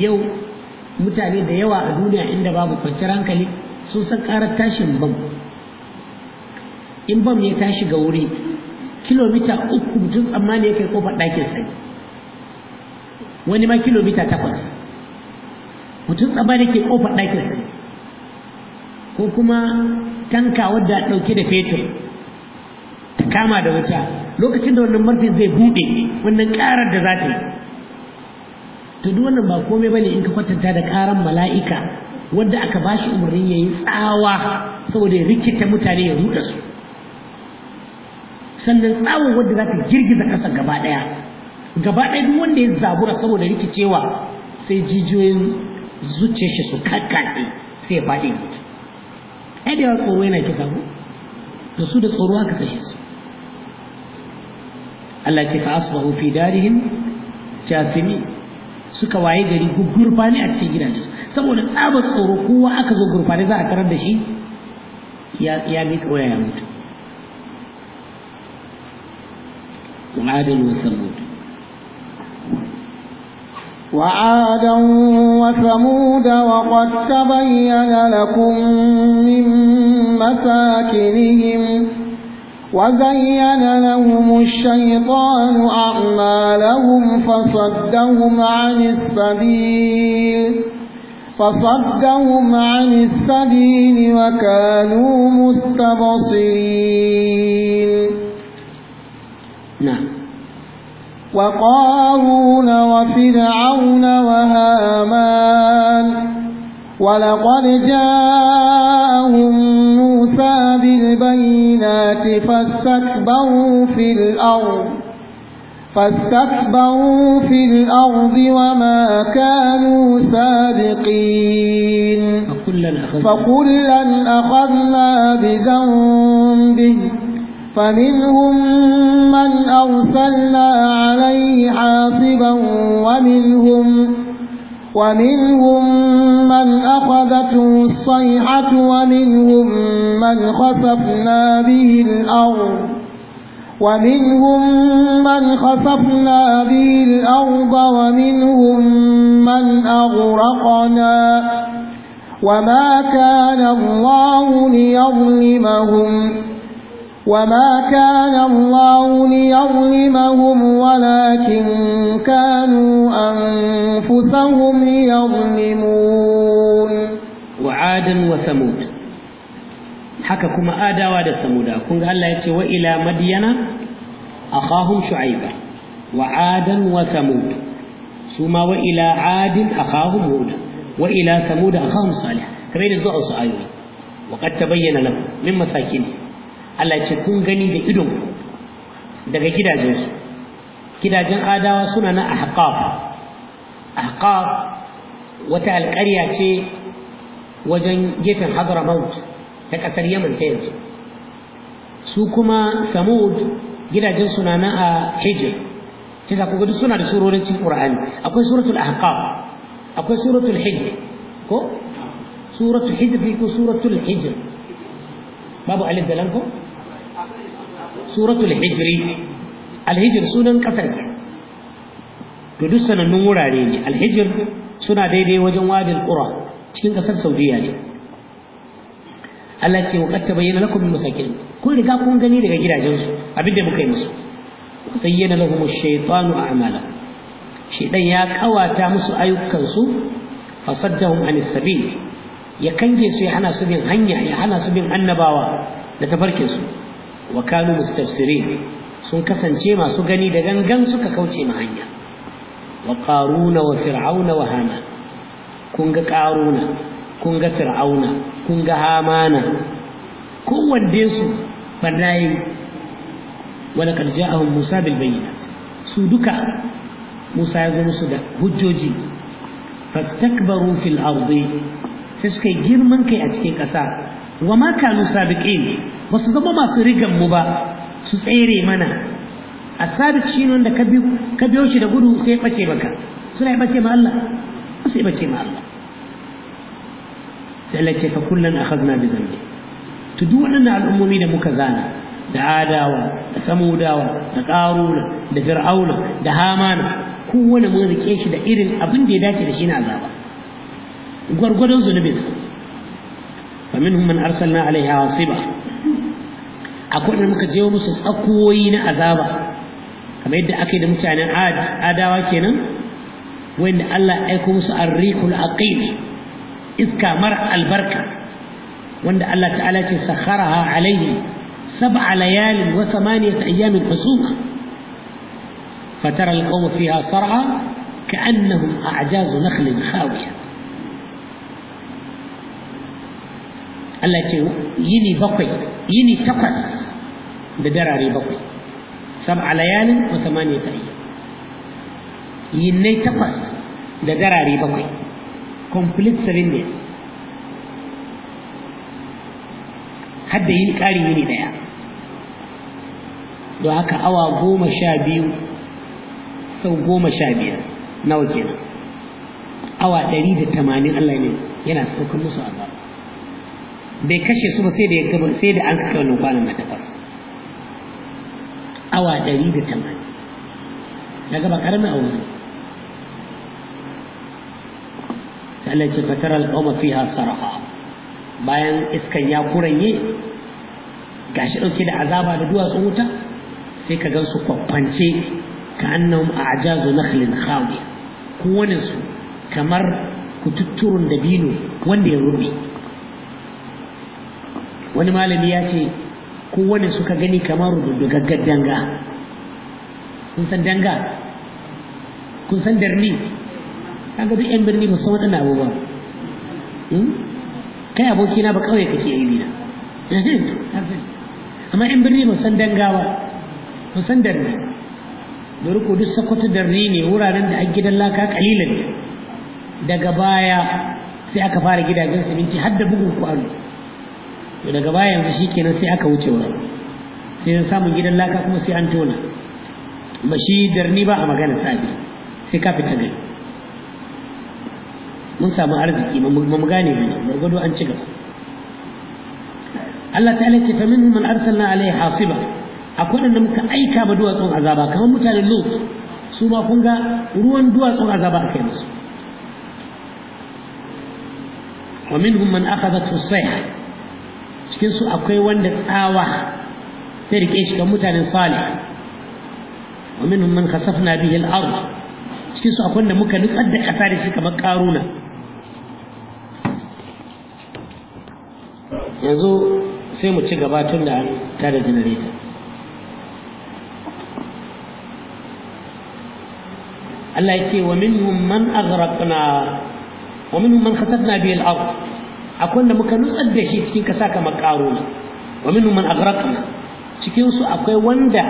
yau mutane da yawa a duniya inda babu kwanciyar hankali sun san ƙarar tashin bam in bam ya tashi ga wuri kilomita uku mutum tsammani ya kai kofar ɗakin sai wani ma kilomita takwas mutum tsammani ke kofar ɗakin sai ko kuma tanka wadda ɗauke da fetur ta kama da wuta lokacin da wannan martin zai buɗe wannan ƙarar da za ta yi to duk wannan ba komai bane in ka kwatanta da ƙaran mala'ika wadda aka ba shi umarni ya yi tsawa saboda ya rikita mutane ya rudasu su sannan tsawon wadda za ta girgiza ƙasa gaba ɗaya gaba ɗaya duk wanda ya zabura saboda rikicewa sai jijiyoyin zuciyar shi su kakkace sai ya faɗi mutu ai da yawa tsoro yana kika ku da su da tsoro haka kashe su Allah ce fa asbahu fi darihim jafimi suka waye gari gurfani a cikin gidajensu saboda tsabar tsoro kowa aka zo gurfani za a tarar da shi ya ya miƙa waya ya mutu وعاد وثمود وعادا وثمود وقد تبين لكم من مساكنهم وزين لهم الشيطان أعمالهم فصدهم عن السبيل فصدهم عن السبيل وكانوا مستبصرين نعم وقارون وفرعون وهامان ولقد جاءهم موسى بالبينات فاستكبروا في الأرض فاستكبروا في الأرض وما كانوا سابقين فكلا أخذنا بذنبه فمنهم من أرسلنا عليه حاصبا ومنهم ومنهم من أخذته الصيحة ومنهم من خسفنا به الأرض ومنهم من خسفنا به الأرض ومنهم من أغرقنا وما كان الله ليظلمهم وما كان الله ليظلمهم ولكن كانوا أنفسهم يظلمون وعادا وثمود حكا كما آدى وعادا ثمودا كن قال الله يتوى إلى مدينة أخاهم شعيبا وعادا وثمود ثم وإلى عاد أخاهم هود وإلى ثمود أخاهم صالح كما يرزعوا صالح وقد تبين لكم من مساكنه Allah ce kun gani da idon daga gidajen su gidajen adawa suna na ahqaf ahqaf wata alƙarya ce wajen gefen hadramaut ta ƙasar yaman ta yanzu su kuma samud gidajen suna na a hijir sai za ku suna da surorin cikin qur'ani akwai suratul ahqaf akwai suratul hijr ko suratul hijr ko suratul hijr babu alif da lanko suratul hijri alhijir sunan kasar to duk sanannun wurare ne alhijir suna daidai wajen wadin qura cikin kasar saudiya ne Allah ce wa qad tabayyana lakum masakin kun riga kun gani daga gidajensu abinda muka yi musu sayyana lahum ash-shaytanu a'mala shaytan ya kawata musu ayyukansu fasaddahum anis sabil ya kange su ya hana su bin hanya ya hana su bin annabawa da tafarkin su wa kanu mustafsirin sun kasance masu gani da gangan suka kauce ma hanya wa qaruna wa fir'auna wa hama kun ga qaruna kun ga fir'auna kun ga hamana kowanne su fannayi wa laqad ja'ahum musa bil bayyinat su duka musa ya zo musu da hujjoji fastakbaru fil ardi sai suka girman kai a cikin ƙasa wa ma kanu sabiqin ba su zama masu rigan mu ba su tsere mana a shi ne da ka biyo shi da gudu sai bace baka, suna yi bace ma Allah sai bace ma Allah sai Allah ka fa kullun akhadna bi dhanbi to duk waɗannan al'ummomi da muka zana da adawa da samudawa da qaruna da fir'auna da hamana kowane mun rike shi da irin abin da ya dace da shi na azaba gwargwadon zunubin zunubinsa فمنهم من أرسلنا عليه عاصبة akwai da muka je musu tsakuwoyi na azaba kamar yadda ake da mutanen ad adawa kenan wanda Allah ya aika musu arrikul aqil iska mara albarka wanda Allah ta'ala ke sakharaha alaihi sab'a layalin wa thamaniyata ayyamin husuma fatara alqawma fiha sar'a كأنهم أعجاز نخل خاوية Allah ce yini bakwai yini takwas da darare bakwai sab'a layalin wa samaniyata ayyam yinnai takwas da darare bakwai complete serenity days hadda yin ƙarin yini daya don haka awa goma sha biyu sau goma sha biyar nawa kenan awa ɗari da tamanin Allah ne yana saukar musu azaba bai kashe su ba sai da ya kabar sai da an kaka wannan na takwas awa ɗari da tamanin ya gaba karamin a wurin. sannan ce fatar al'umma fiha sarha bayan iskan ya kuranye gashi ɗauke da azaba da duwatsun wuta sai ka gan su kwakwance ka a a'jazu nakhlin khawiya kowane su kamar kututturun dabino wanda ya rubi wani malami ya ce kowane suka gani kamar rududdugaggar danga Sun san danga kun san darni An duk yan birni ba san waɗannan abubuwa hmm? kai abokina ba kawai kake yi na amma yan birni ba san dangawa ba san darni da riko duk sakwata darni ne wuraren da an gidan laka kalilan daga baya sai aka fara gidajen siminti har da bugun kwano to daga baya yanzu shikenan sai aka wuce wurin sai samun gidan laka kuma sai an tona ba shi darni ba a magana sabi sai ka fita gani mun samu arziki ba mu gane ba gado an ci gaba Allah ta'ala ce fa minhum man arsalna alaihi hasiba akwai da muka aika ba duwatsun azaba kamar mutanen Lut su ma kun ga ruwan duwatsun azaba aka yi musu wa minhum man akhadathu cikin su akwai wanda tsawa ta rike shi ga mutanen salih wa minhum man khasafna bihi al-ard cikin su akwai wanda muka nutsar da kasa da shi kamar karuna yanzu sai mu ci gaba tun da an tada janareta Allah ya ce wa minhum man aghraqna wa minhum man khasafna bihi al-ard akwai da muka nutsar da shi cikin kasa kamar ƙaruna wa minhum man aghraqna cikin su akwai wanda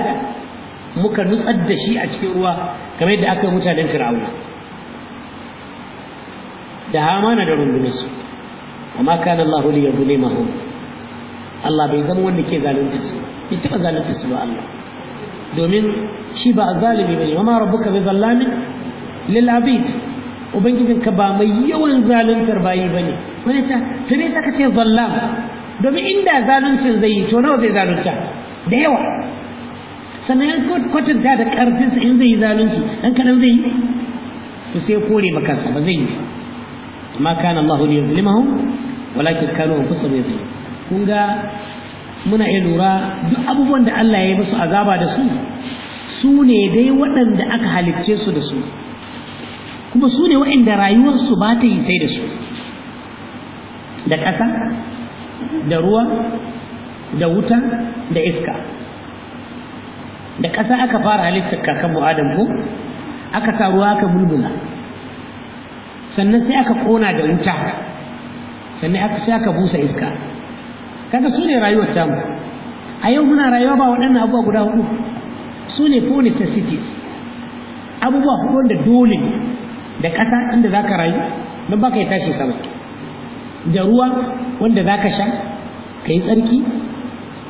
muka nutsar da shi a cikin ruwa kamar yadda aka mutanen fir'auna da hamana da rundunarsu amma kana Allah li yuzlimahum Allah bai zama wanda ke zalunta su Ya taɓa zalunta su ba Allah domin shi ba zalimi bane amma rabbuka bi zallamin lil abid ubangijinka ba mai yawan zaluntar bayi bane wani ta to me saka ce zallam domin inda zaluncin zai yi to nawa zai zalunta da yawa sannan yan kwatanta da karfinsa in zai yi zalunci dan kaɗan zai yi to sai kore makansa ba zai yi Amma kana Allah li yuzlimahum walakin kanu anfusahum yuzlimun kun ga muna iya lura duk abubuwan da Allah ya yi musu azaba da su su ne dai waɗanda aka halicce su da su kuma su ne waɗanda rayuwarsu ba ta yi sai da su da ƙasa da ruwa da wuta da iska da ƙasa aka fara halittar kakanmu adam ko aka sa ruwa aka bulbula sannan sai aka kona da wuta sannan aka sai aka busa iska kaga su ne rayuwar tamu a yau muna rayuwa ba waɗannan abubuwa guda hudu su ne ta necessities abubuwa hudu da dole da ƙasa inda za ka rayu don ba ka yi tashi sama da ruwa wanda za ka sha ka yi tsarki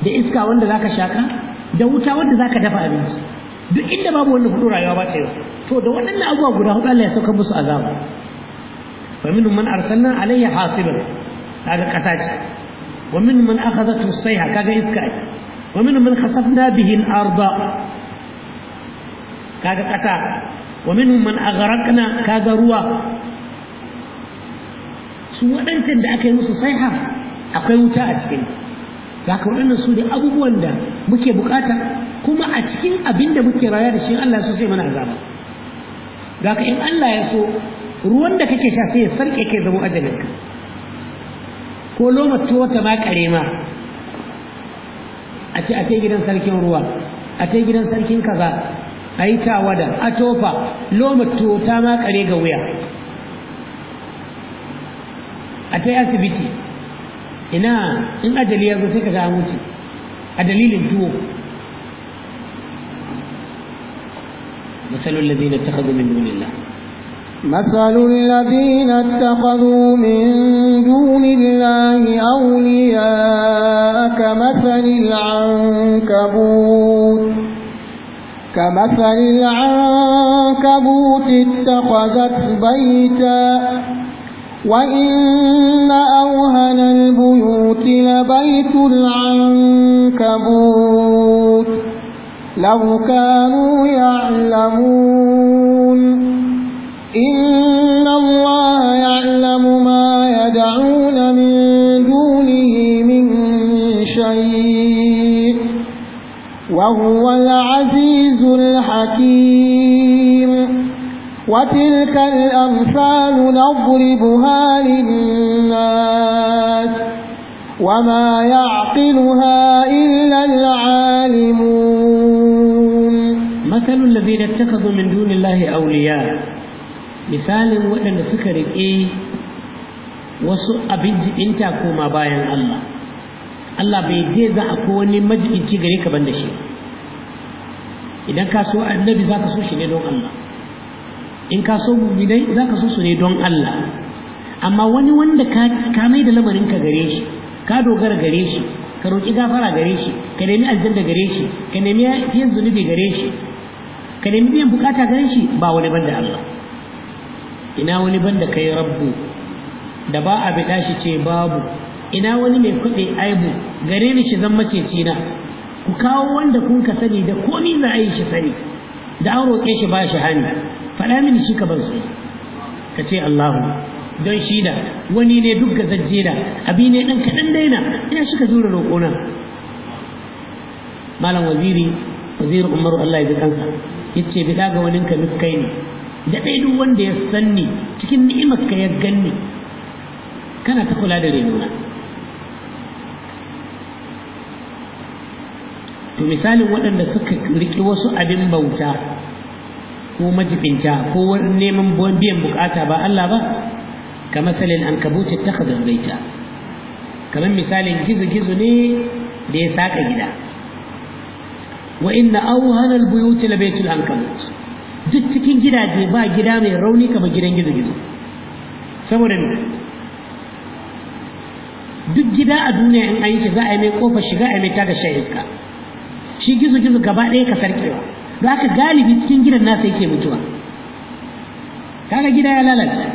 da iska wanda za ka shaƙa da wuta wanda za ka dafa abinci duk inda babu wani hudu rayuwa ba ta yau to da waɗannan abubuwa guda hudu Allah ya sauka musu azaba fa min man arsalna alayhi hasiban kaga kasa ce wa min man akhadathu sayha kaga iska ce wa min man khasafna bihi al-arda kaga kasa wa min man aghraqna kaga ruwa su waɗancan da aka yi musu saiha akwai wuta a cikin da ka waɗannan su da abubuwan da muke bukata kuma a cikin abin da muke raya da shi Allah so sai mana azaba da ka in Allah ya so ruwan da kake sha sai ya sarke kai zama ajalinka ko loma tuwo ta ma ma, a ce a ce gidan sarkin ruwa a ce gidan sarkin kaza a yi tawada a tofa loma ta ma ga wuya a ta asibiti ina in ajali ya zo sai ka ga mutu a dalilin tuwo مثل الذين اتخذوا من دون الله مثل الذين اتخذوا من دون الله أولياء كمثل العنكبوت كمثل العنكبوت اتخذت بيتا وإن أوهن البيوت لبيت العنكبوت لو كانوا يعلمون إن الله يعلم ما يدعون من دونه من شيء وهو العزيز الحكيم وتلك الأمثال نضربها للناس وما يعقلها إلا العالمون مثل الذين اتخذوا من دون الله أولياء مثال وأن سكر إيه wasu abin jibinta koma bayan Allah Allah bai je za a ko wani majibinci gare ka ban da shi idan ka so annabi za ka so shi ne don Allah in ka so mu'minai za ka so su ne don Allah amma wani wanda ka mai da lamarin ka gare shi ka dogara gare shi ka roƙi gafara gare shi ka nemi aljanna gare shi ka nemi yin zunubi gare shi ka nemi biyan bukata gare shi ba wani banda Allah ina wani banda kai rabbu da ba a bida shi ce babu ina wani mai kuɗi aibu gare ni shi zan maceci na ku kawo wanda kun ka sani da komi na a sani da an roƙe shi ba shi hanya. faɗa mini shi ka ban su ka ce Allahu don shi da wani ne duk gazajje da abi ne dan kaɗan daina ina shi ka zura roƙona malam waziri waziri umaru Allah ya ji kansa yace bi daga wanin ka duk kai ne da dai duk wanda ya sanni cikin ni'imar ka ya ganni kana ta kula da renuna to misalin waɗanda suka riƙi wasu abin bauta ko majibinta ko neman biyan bukata ba Allah ba ka masalin an kabuci ta khadar baita kamar misalin gizo-gizo ne da ya saka gida wa inna awhana albuyut la baytul ankabut duk cikin gidaje ba gida mai rauni kamar gidan gizo-gizo saboda duk gida a duniya in an yi za a yi mai kofa shiga a yi mai tada shan iska shi gizo-gizo gaba ɗaya ka sarkewa Za ka galibi cikin gidan nasa yake mutuwa kaga gida ya lalace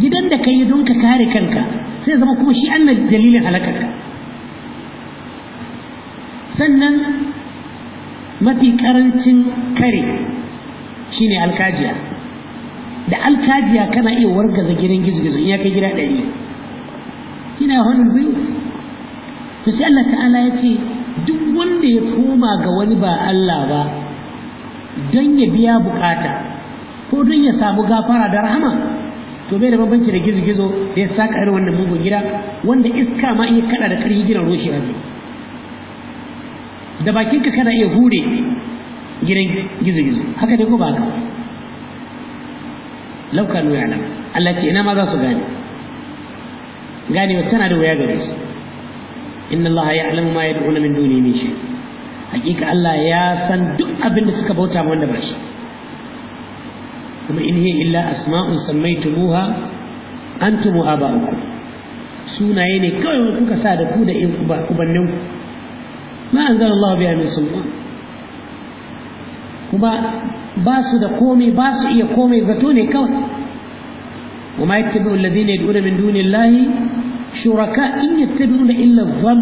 gidan da ka yi don ka kare kanka sai zama kuma shi annan dalilin halakarka sannan mafi karancin kare shine alkajiya da alkajiya kana iya wargaza gidan gizo-gizo in ya kai gida ɗari ina hannun biyu to sai Allah ta'ala ya ce duk wanda ya koma ga wani ba Allah ba don ya biya bukata ko don ya samu gafara da rahama to bai da babanci da gizo-gizo da ya saka irin wannan mugun gida wanda iska ma in kada da karfi gidan roshi ne da bakinka kana iya hure gidan gizo-gizo haka dai ko ba haka laukanu ya Allah ce ina ma za su gane ganewa tana da waya gare su inna Allah ya'lamu ma yad'una min dunihi min shay hakika Allah ya san duk abin da suka bauta wanda ba shi kuma in hiya illa asma'un sammaytumuha antum wa aba'ukum sunaye ne kawai kuka sa da ku da in ubannin ma anzala Allah biha min sultan kuma ba su da komai ba su iya komai zato ne kawai وما يتبع الذين يدعون من دون الله shuraka in yattabi'una illa dhann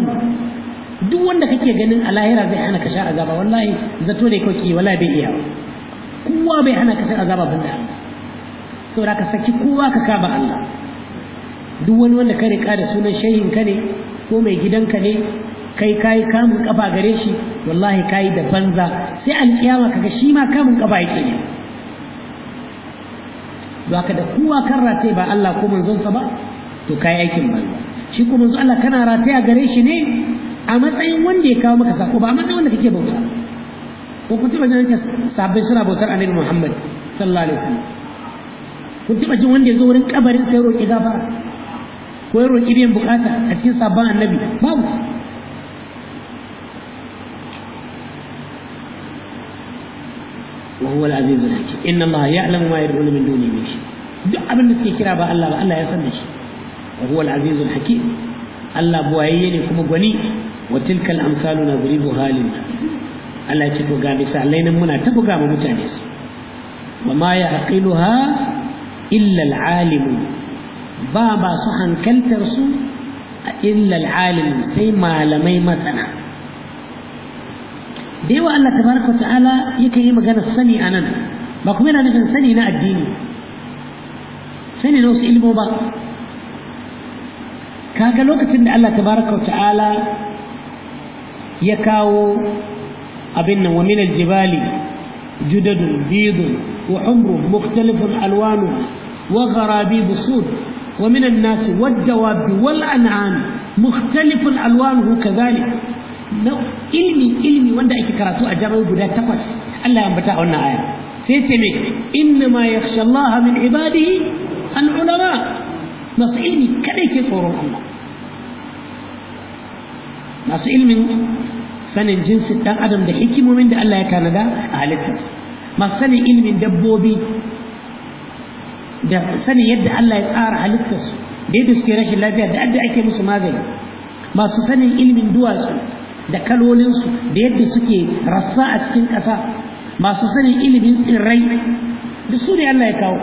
duk wanda kake ganin a lahira zai hana ka sha azaba wallahi zato ne kake wala bai iya kowa bai hana ka sha azaba banda Allah da ka saki kowa ka kaba Allah duk wani wanda ka riƙa da sunan shehin ka ne ko mai gidanka ne kai kayi kamun kafa gare shi wallahi kayi da banza sai alƙiyama kaga shi ma kamun kafa yake ne ba ka da kowa kan rataye ba Allah ko manzonsa ba to kai aikin banza shi kuma manzo Allah kana rataya gare shi ne a matsayin wanda ya kawo maka sako ba amma wanda kake bauta ko kun taba jin sabbin suna bautar annabi Muhammad sallallahu alaihi wasallam kun taba jin wanda ya zo wurin kabarin sai roki gafa ko ya roƙi biyan bukata a cikin sabon annabi babu وهو العزيز الحكيم ان الله يعلم ما يدعون من دونه من شيء duk abin da suke kira ba Allah ba Allah ya san shi wa huwa al-azizul hakim Allah buwaye ne kuma gwani wa tilkal amsalu nadribu halin Allah ce to ga misalai nan muna ta buga ma mutane su wa ma ya'qiluha illa al-alimu ba ba su hankaltar su illa al sai malamai masana da yawa Allah tabaraka ta'ala yi magana sani anan ba kuma yana addini sani na wasu ilmo ba kaga lokacin da Allah tabaraka wa ta'ala ya kawo abin nan wa min aljibali judadun bidun wa humrun mukhtalifun alwanu wa gharabi busud wa min an-nas wad-dawab wal-an'am mukhtalifun alwanuhu kadhalik ilmi ilmi wanda ake karatu a jami'ar guda takwas Allah ya ambata a wannan aya sai ce me inna ma yakhsha Allah min ibadihi al-ulama masu ilimi kadai ke tsoron Allah masu ilimin sanin jinsin dan adam da hikimomin da Allah ya tanada a halittarsa masu sanin ilimin dabbobi da sanin yadda Allah ya tsara halittarsu da yadda suke rashin lafiya da yadda ake musu magani masu sanin ilimin duwatsu da kalolinsu da yadda suke rassa a cikin ƙasa masu sanin ilimin tsirrai da su ne Allah ya kawo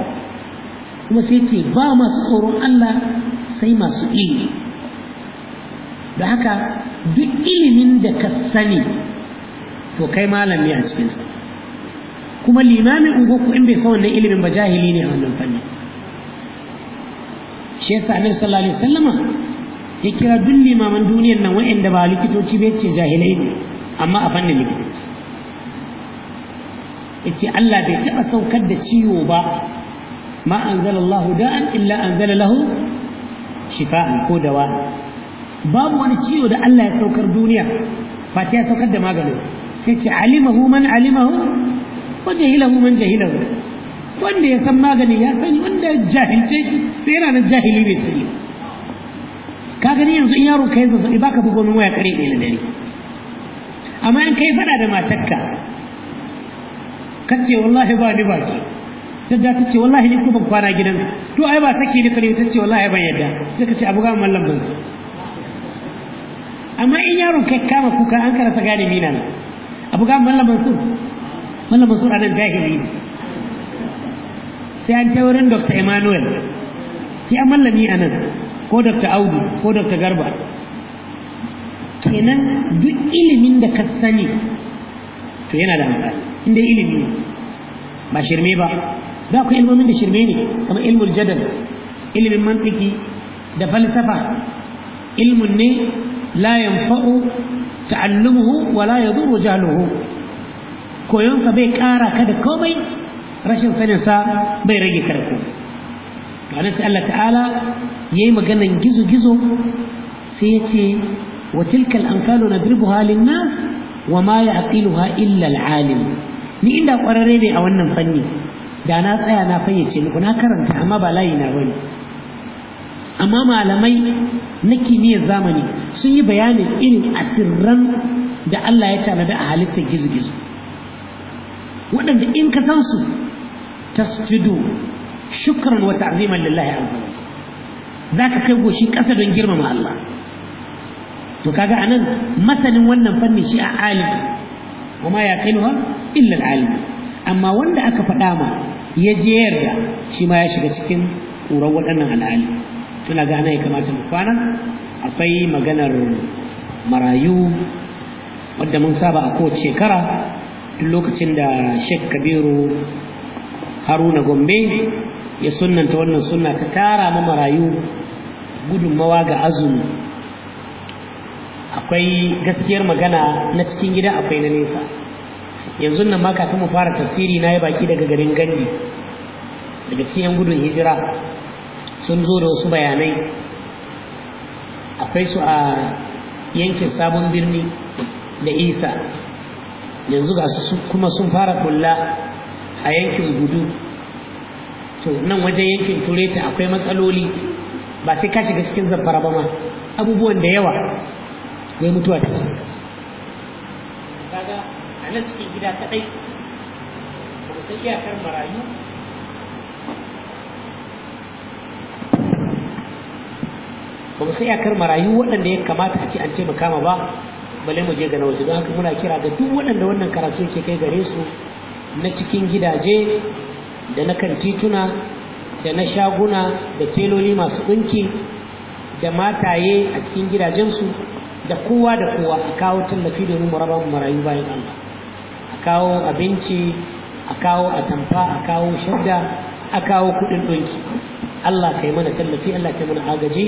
kuma sai ce ba masu tsoron Allah sai masu ilimi da haka duk ilimin da ka sani to kai malami a cikinsa kuma limamin ungoku in bai san wannan ilimin ba jahili ne a wannan fanni shi yasa annabi sallallahu alaihi wasallama ya kira duk limaman duniyar nan wa'anda ba likitoci ba ce jahilai ne amma a fannin likitoci yace Allah bai taɓa saukar da ciwo ba ma anzalallahu da'an illa anzala lahu shifa'an ko dawa babu wani ciwo da Allah ya saukar duniya fati ya saukar da maganin sai ce alimahu man alimahu wa jahilahu man jahilahu wanda ya san magani ya san wanda jahilce shi sai yana nan jahili bai sani ka gani yanzu in yaro kai zazzabi baka bugo min waya kare ɗaya da dare amma in kai fada da matarka kace wallahi ba ni baki ta ja ta ce wallahi ni ko ban kwana gidan to ai ba saki ne kare ta ce wallahi ban yadda sai ka ce abu ga mallam ban amma in yaron kai kama kuka an karasa gane mina ne abu ga mallam ban su mallam ban a nan jahili ne sai an ta wurin Dr. Emmanuel sai an mallami a nan, ko Dr. Audu ko Dr. Garba kenan duk ilimin da ka sani to yana da amfani inda ilimi ba shirme ba da akwai ilmomin da shirme ne kamar ilmul jadal ilmin mantiki da falsafa ilmun ne la yanfa'u ta'allumuhu wa la yadurru jahluhu koyon sa bai kara ka da komai rashin sanin sa bai rage karko ganin sai Allah ta'ala yayi maganan gizo gizo sai yace wa tilka al-amsalu nadribuha lin-nas wa ma ya'qiluha illa al-alim ni inda kwararre ne a wannan fanni da na tsaya na fayyace muku na karanta amma ba layi na bane amma malamai na kimiyyar zamani sun yi bayanin irin asirran da Allah ya tanada a halittar gizo-gizo waɗanda in ka san su tasjudu shukran wa ta'ziman lillahi kai goshi ƙasa don girmama Allah to kaga anan masanin wannan fanni shi a alim wa ma ya kainuwa illa alim amma wanda aka faɗa ma ya jiyar da, shi ma ya shiga cikin ƙurar waɗannan al'ali Suna gane ya kamata mu kwana akwai maganar marayu wadda mun saba a kowace shekara duk lokacin da shek kabiru haruna gombe ya sunanta wannan suna ta tara ma marayu gudunmawa ga azumi akwai gaskiyar magana na cikin gida akwai na nesa yanzu nan ma kafin mu fara tafsiri na yi baki daga garin gandi daga cikin gudun hijira sun zo da wasu bayanai akwai su a yankin sabon birni da isa yanzu ga su kuma sun fara kulla a yankin gudu to nan wajen yankin turai akwai matsaloli ba sai ka shiga cikin zamfara ba ma abubuwan da yawa wai mutuwa ta nan cikin gida kaɗai ba iyakar marayu ba mu san iyakar marayu waɗanda ya kamata a ce an ce makama ba bale mu je ga waje don haka muna kira ga duk waɗanda wannan karatu yake kai gare su na cikin gidaje da na kan tituna da na shaguna da teloli masu ɗinki da mataye a cikin gidajensu da kowa da kowa a kawo tallafi domin mu raba mu marayu bayan Allah kawo abinci a kawo atamfa a kawo shadda a kawo kuɗin ɗinki Allah kai mana tallafi Allah kai mana agaji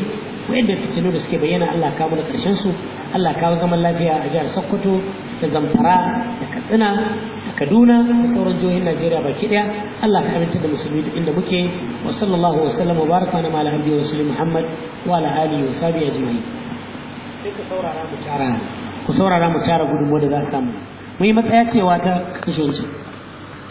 wa'inda fitinu da suke bayyana Allah kawo mana ƙarshen su Allah kawo zaman lafiya a jihar Sokoto da Zamfara da Katsina da Kaduna da sauran jihohin Najeriya baki daya Allah ka amince da musulmi duk inda muke wa sallallahu wa sallam wa baraka ala mala abdi wa sallam Muhammad wa ala alihi wa sahbihi ajma'in sai ku saurara mu tara ku saurara mu tara gudunmu da za samu mu yi matsaya cewa ta kashe wuce